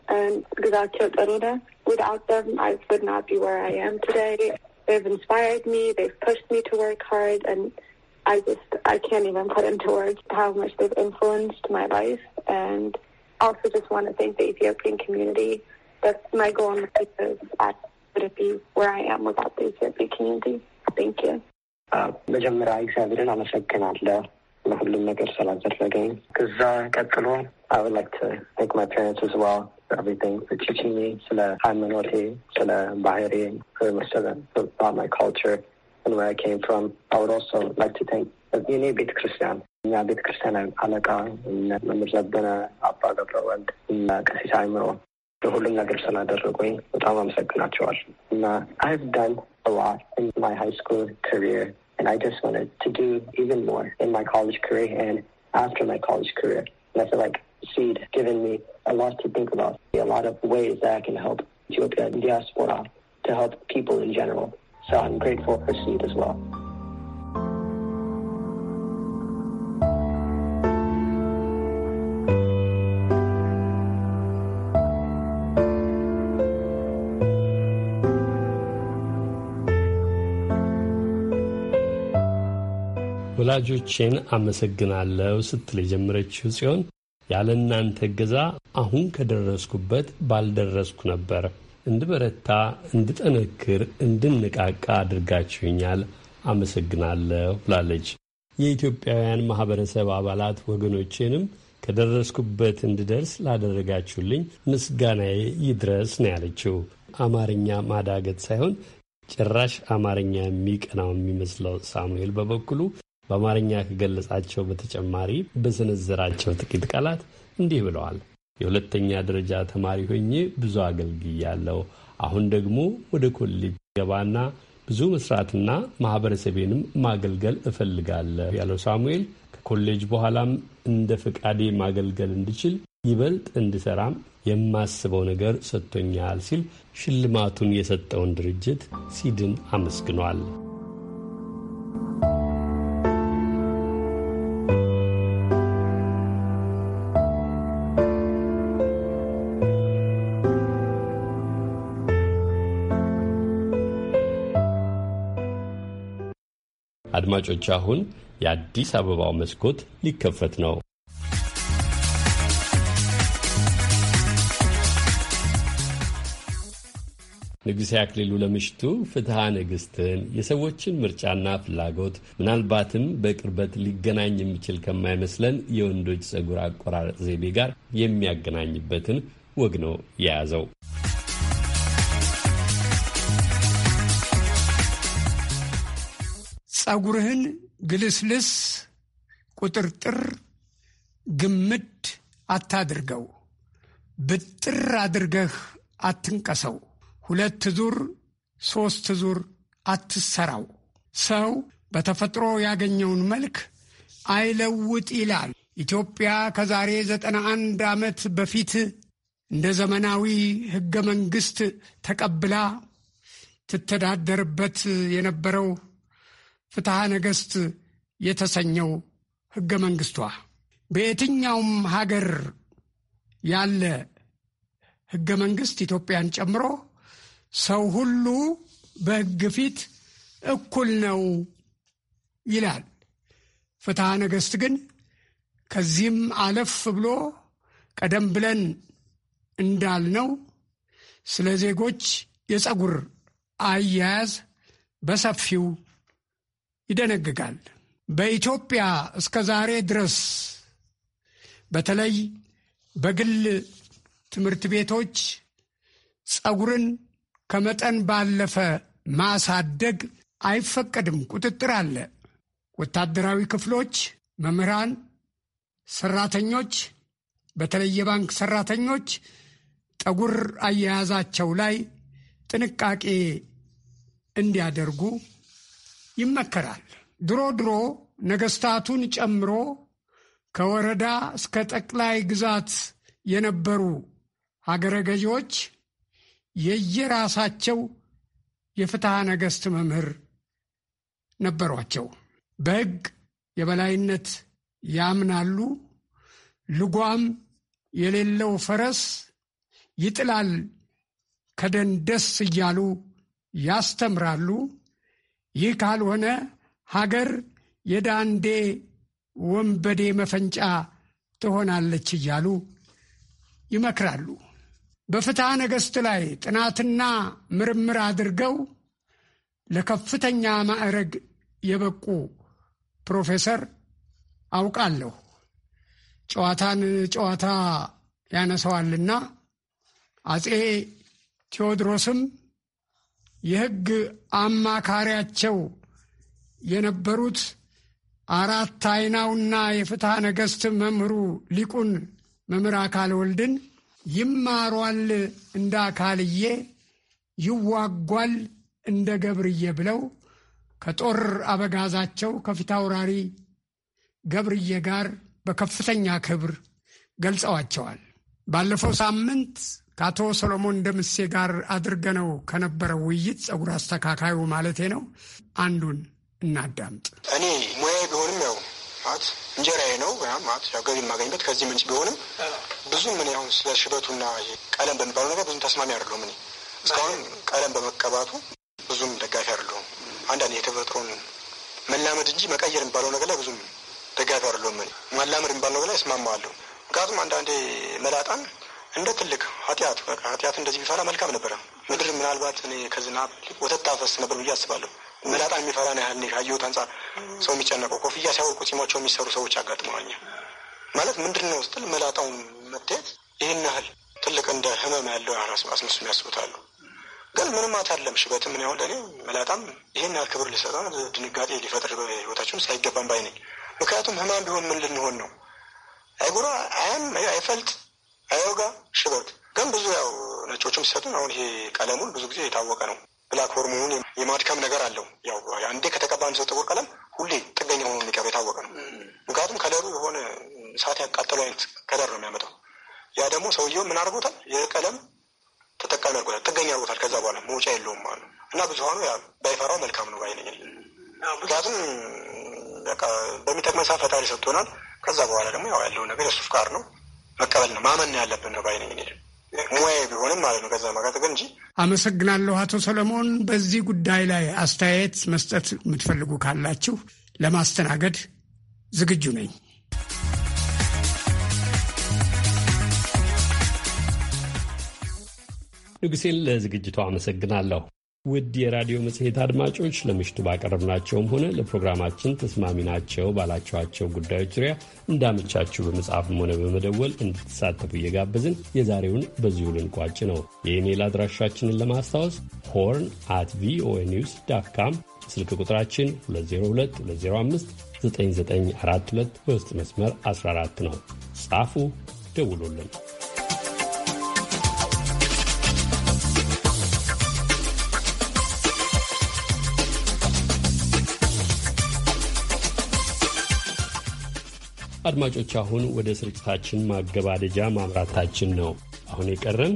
and Gazakyo Taruda. Without them, I would not be where I am today. They've inspired me. They've pushed me to work hard, and I just I can't even put into words how much they've influenced my life. And also, just want to thank the Ethiopian community. That's my goal in life future, I wouldn't be where I am without the Ethiopian community. Thank you. መጀመሪያ እግዚአብሔርን አመሰግናለሁ ነገር ከዛ ቀጥሎ I would like to thank my parents as well for everything, for teaching me about my culture and where I came from. I would also like to thank the Bit Christian. እኛ ቤተክርስቲያን አለቃ መምህር ዘበነ አባ ገብረወልድ እና ቀሲስ አእምሮ ለሁሉም ነገር ስላደረጉኝ በጣም አመሰግናቸዋል እና I've done a lot in my high school career and I just wanted to do even more in my college career and after my college career. And I feel like Seed given me a lot to think about, a lot of ways that I can help Ethiopia diaspora to help people in general. So I'm grateful for Seed as well. ወላጆቼን አመሰግናለሁ ስትል የጀመረችው ሲሆን ያለ እናንተ እገዛ አሁን ከደረስኩበት ባልደረስኩ ነበር። እንድበረታ፣ እንድጠነክር፣ እንድንቃቃ አድርጋችሁኛል። አመሰግናለሁ ብላለች። የኢትዮጵያውያን ማህበረሰብ አባላት ወገኖቼንም ከደረስኩበት እንድደርስ ላደረጋችሁልኝ ምስጋናዬ ይድረስ ነው ያለችው። አማርኛ ማዳገት ሳይሆን ጭራሽ አማርኛ የሚቀናው የሚመስለው ሳሙኤል በበኩሉ በአማርኛ ከገለጻቸው በተጨማሪ በሰነዘራቸው ጥቂት ቃላት እንዲህ ብለዋል። የሁለተኛ ደረጃ ተማሪ ሆኜ ብዙ አገልግያለሁ። አሁን ደግሞ ወደ ኮሌጅ ገባና ብዙ መስራትና ማህበረሰቤንም ማገልገል እፈልጋለሁ ያለው ሳሙኤል ከኮሌጅ በኋላም እንደ ፈቃዴ ማገልገል እንድችል ይበልጥ እንድሰራም የማስበው ነገር ሰጥቶኛል ሲል ሽልማቱን የሰጠውን ድርጅት ሲድን አመስግኗል። አድማጮች አሁን የአዲስ አበባው መስኮት ሊከፈት ነው። ንጉሴ አክሊሉ ለምሽቱ ፍትሐ ንግሥትን የሰዎችን ምርጫና ፍላጎት ምናልባትም በቅርበት ሊገናኝ የሚችል ከማይመስለን የወንዶች ጸጉር አቆራረጥ ዘይቤ ጋር የሚያገናኝበትን ወግ ነው የያዘው። ጸጉርህን ግልስልስ፣ ቁጥርጥር፣ ግምድ አታድርገው። ብጥር አድርገህ አትንቀሰው። ሁለት ዙር ሦስት ዙር አትሰራው። ሰው በተፈጥሮ ያገኘውን መልክ አይለውጥ ይላል። ኢትዮጵያ ከዛሬ ዘጠና አንድ ዓመት በፊት እንደ ዘመናዊ ሕገ መንግሥት ተቀብላ ትተዳደርበት የነበረው ፍትሐ ነገሥት የተሰኘው ሕገ መንግሥቷ በየትኛውም ሀገር ያለ ሕገ መንግሥት ኢትዮጵያን ጨምሮ ሰው ሁሉ በሕግ ፊት እኩል ነው ይላል። ፍትሐ ነገሥት ግን ከዚህም አለፍ ብሎ ቀደም ብለን እንዳልነው ስለ ዜጎች የጸጉር አያያዝ በሰፊው ይደነግጋል። በኢትዮጵያ እስከ ዛሬ ድረስ በተለይ በግል ትምህርት ቤቶች ጸጉርን ከመጠን ባለፈ ማሳደግ አይፈቀድም። ቁጥጥር አለ። ወታደራዊ ክፍሎች፣ መምህራን፣ ሰራተኞች፣ በተለይ የባንክ ሰራተኞች ጠጉር አያያዛቸው ላይ ጥንቃቄ እንዲያደርጉ ይመከራል። ድሮ ድሮ ነገስታቱን ጨምሮ ከወረዳ እስከ ጠቅላይ ግዛት የነበሩ አገረ ገዢዎች የየራሳቸው የፍትሐ ነገሥት መምህር ነበሯቸው። በሕግ የበላይነት ያምናሉ። ልጓም የሌለው ፈረስ ይጥላል ከደን ደስ እያሉ ያስተምራሉ። ይህ ካልሆነ ሀገር የዳንዴ ወንበዴ መፈንጫ ትሆናለች እያሉ ይመክራሉ። በፍትሐ ነገሥት ላይ ጥናትና ምርምር አድርገው ለከፍተኛ ማዕረግ የበቁ ፕሮፌሰር አውቃለሁ። ጨዋታን ጨዋታ ያነሰዋልና አጼ ቴዎድሮስም የሕግ አማካሪያቸው የነበሩት አራት አይናውና የፍትሐ ነገሥት መምህሩ ሊቁን መምህር አካል ወልድን ይማሯል እንደ አካልዬ ይዋጓል እንደ ገብርዬ ብለው ከጦር አበጋዛቸው ከፊታውራሪ ገብርዬ ጋር በከፍተኛ ክብር ገልጸዋቸዋል። ባለፈው ሳምንት ከአቶ ሰሎሞን ደምሴ ጋር አድርገነው ከነበረው ውይይት ጸጉር አስተካካዩ ማለቴ ነው አንዱን እናዳምጥ። እኔ ሙያዬ ቢሆንም ያው ማለት እንጀራዬ ነው ማለት ገቢ የማገኝበት ከዚህ ምንጭ ቢሆንም ብዙም ምን አሁን ስለ ሽበቱና ቀለም በሚባለው ነገር ብዙም ተስማሚ አይደለሁም። እኔ እስካሁን ቀለም በመቀባቱ ብዙም ደጋፊ አይደለሁም። አንዳንድ የተፈጥሮን መላመድ እንጂ መቀየር የሚባለው ነገር ላይ ብዙም ደጋፊ አይደለሁም። እኔ መላመድ የሚባለው ነገር ላይ እስማማለሁ። ምክንያቱም አንዳንዴ መላጣን እንደ ትልቅ ኃጢአት በቃ ኃጢአት እንደዚህ ቢፈራ መልካም ነበረ። ምድር ምናልባት እኔ ከዝናብ ወተት አፈስ ነበር ብዬ አስባለሁ። መላጣ የሚፈራ ነው ያህል ካየሁት አንጻር ሰው የሚጨነቀው ኮፍያ ሲያወልቁ ጺማቸው የሚሰሩ ሰዎች አጋጥመዋል። ማለት ምንድን ነው ስትል መላጣውን መታየት ይህን ያህል ትልቅ እንደ ህመም ያለው አስመስሎ ያስቡታሉ። ግን ምንም አታለም ሽበት ምን ያሁን ለእኔ መላጣም ይህን ያህል ክብር ሊሰጠ ድንጋጤ ሊፈጥር በህይወታችን ሳይገባም ባይ ነኝ። ምክንያቱም ህማም ቢሆን ምን ልንሆን ነው? አይጉራ አያም አይፈልጥ አዮጋ ሽበት ግን ብዙ ያው ነጮችም ሲሰጡን አሁን ይሄ ቀለሙን ብዙ ጊዜ የታወቀ ነው። ብላክ ሆርሞን የማድከም ነገር አለው። ያው አንዴ ከተቀባ አንድ ሰው ጥቁር ቀለም ሁሌ ጥገኛ ሆኖ የሚቀባ የታወቀ ነው። ምክንያቱም ከለሩ የሆነ እሳት ያቃጠሉ አይነት ከለር ነው የሚያመጣው። ያ ደግሞ ሰውየው ምን አድርጎታል? የቀለም ተጠቃሚ አድርጎታል፣ ጥገኛ አድርጎታል። ከዛ በኋላ መውጫ የለውም ነው። እና ብዙሀኑ ባይፈራው መልካም ነው ባይነኝ። ምክንያቱም በሚጠቅመን ሰዓት ፈጣሪ ሰጥቶናል። ከዛ በኋላ ደግሞ ያው ያለውን ነገር የሱ ፍቃድ ነው። መቀበል ነው ማመን ነው ያለብን ነው ባይነ ሙያ ቢሆንም ማለት ነው። ከዛ መጋጠቅ እንጂ። አመሰግናለሁ አቶ ሰለሞን። በዚህ ጉዳይ ላይ አስተያየት መስጠት የምትፈልጉ ካላችሁ ለማስተናገድ ዝግጁ ነኝ። ንጉሴን ለዝግጅቱ አመሰግናለሁ። ውድ የራዲዮ መጽሔት አድማጮች ለምሽቱ ባቀረብናቸውም ሆነ ለፕሮግራማችን ተስማሚ ናቸው ባላቸዋቸው ጉዳዮች ዙሪያ እንዳመቻችሁ በመጻፍም ሆነ በመደወል እንድትሳተፉ እየጋበዝን የዛሬውን በዚሁ ልንቋጭ ነው። የኢሜይል አድራሻችንን ለማስታወስ ሆርን አት ቪኦኤ ኒውስ ዳት ካም፣ ስልክ ቁጥራችን 2022059942 በውስጥ መስመር 14 ነው። ጻፉ፣ ደውሉልን። አድማጮች፣ አሁን ወደ ስርጭታችን ማገባደጃ ማምራታችን ነው። አሁን የቀረን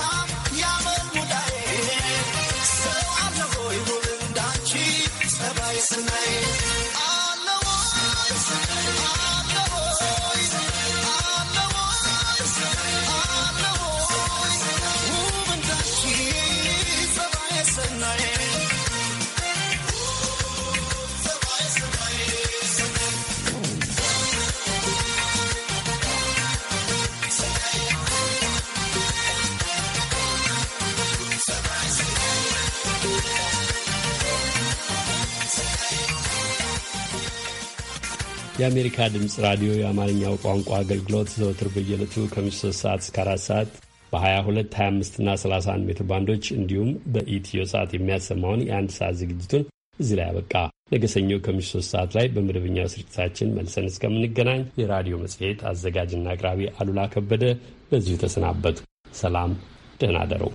የአሜሪካ ድምፅ ራዲዮ የአማርኛው ቋንቋ አገልግሎት ዘወትር በየለቱ ከምሽቱ 3 ሰዓት እስከ 4 ሰዓት በ22፣ 25 እና 31 ሜትር ባንዶች እንዲሁም በኢትዮ ሰዓት የሚያሰማውን የአንድ ሰዓት ዝግጅቱን እዚህ ላይ አበቃ። ነገ ሰኞ ከምሽቱ 3 ሰዓት ላይ በመደበኛው ስርጭታችን መልሰን እስከምንገናኝ የራዲዮ መጽሔት አዘጋጅና አቅራቢ አሉላ ከበደ በዚሁ ተሰናበቱ። ሰላም፣ ደህና ደረው።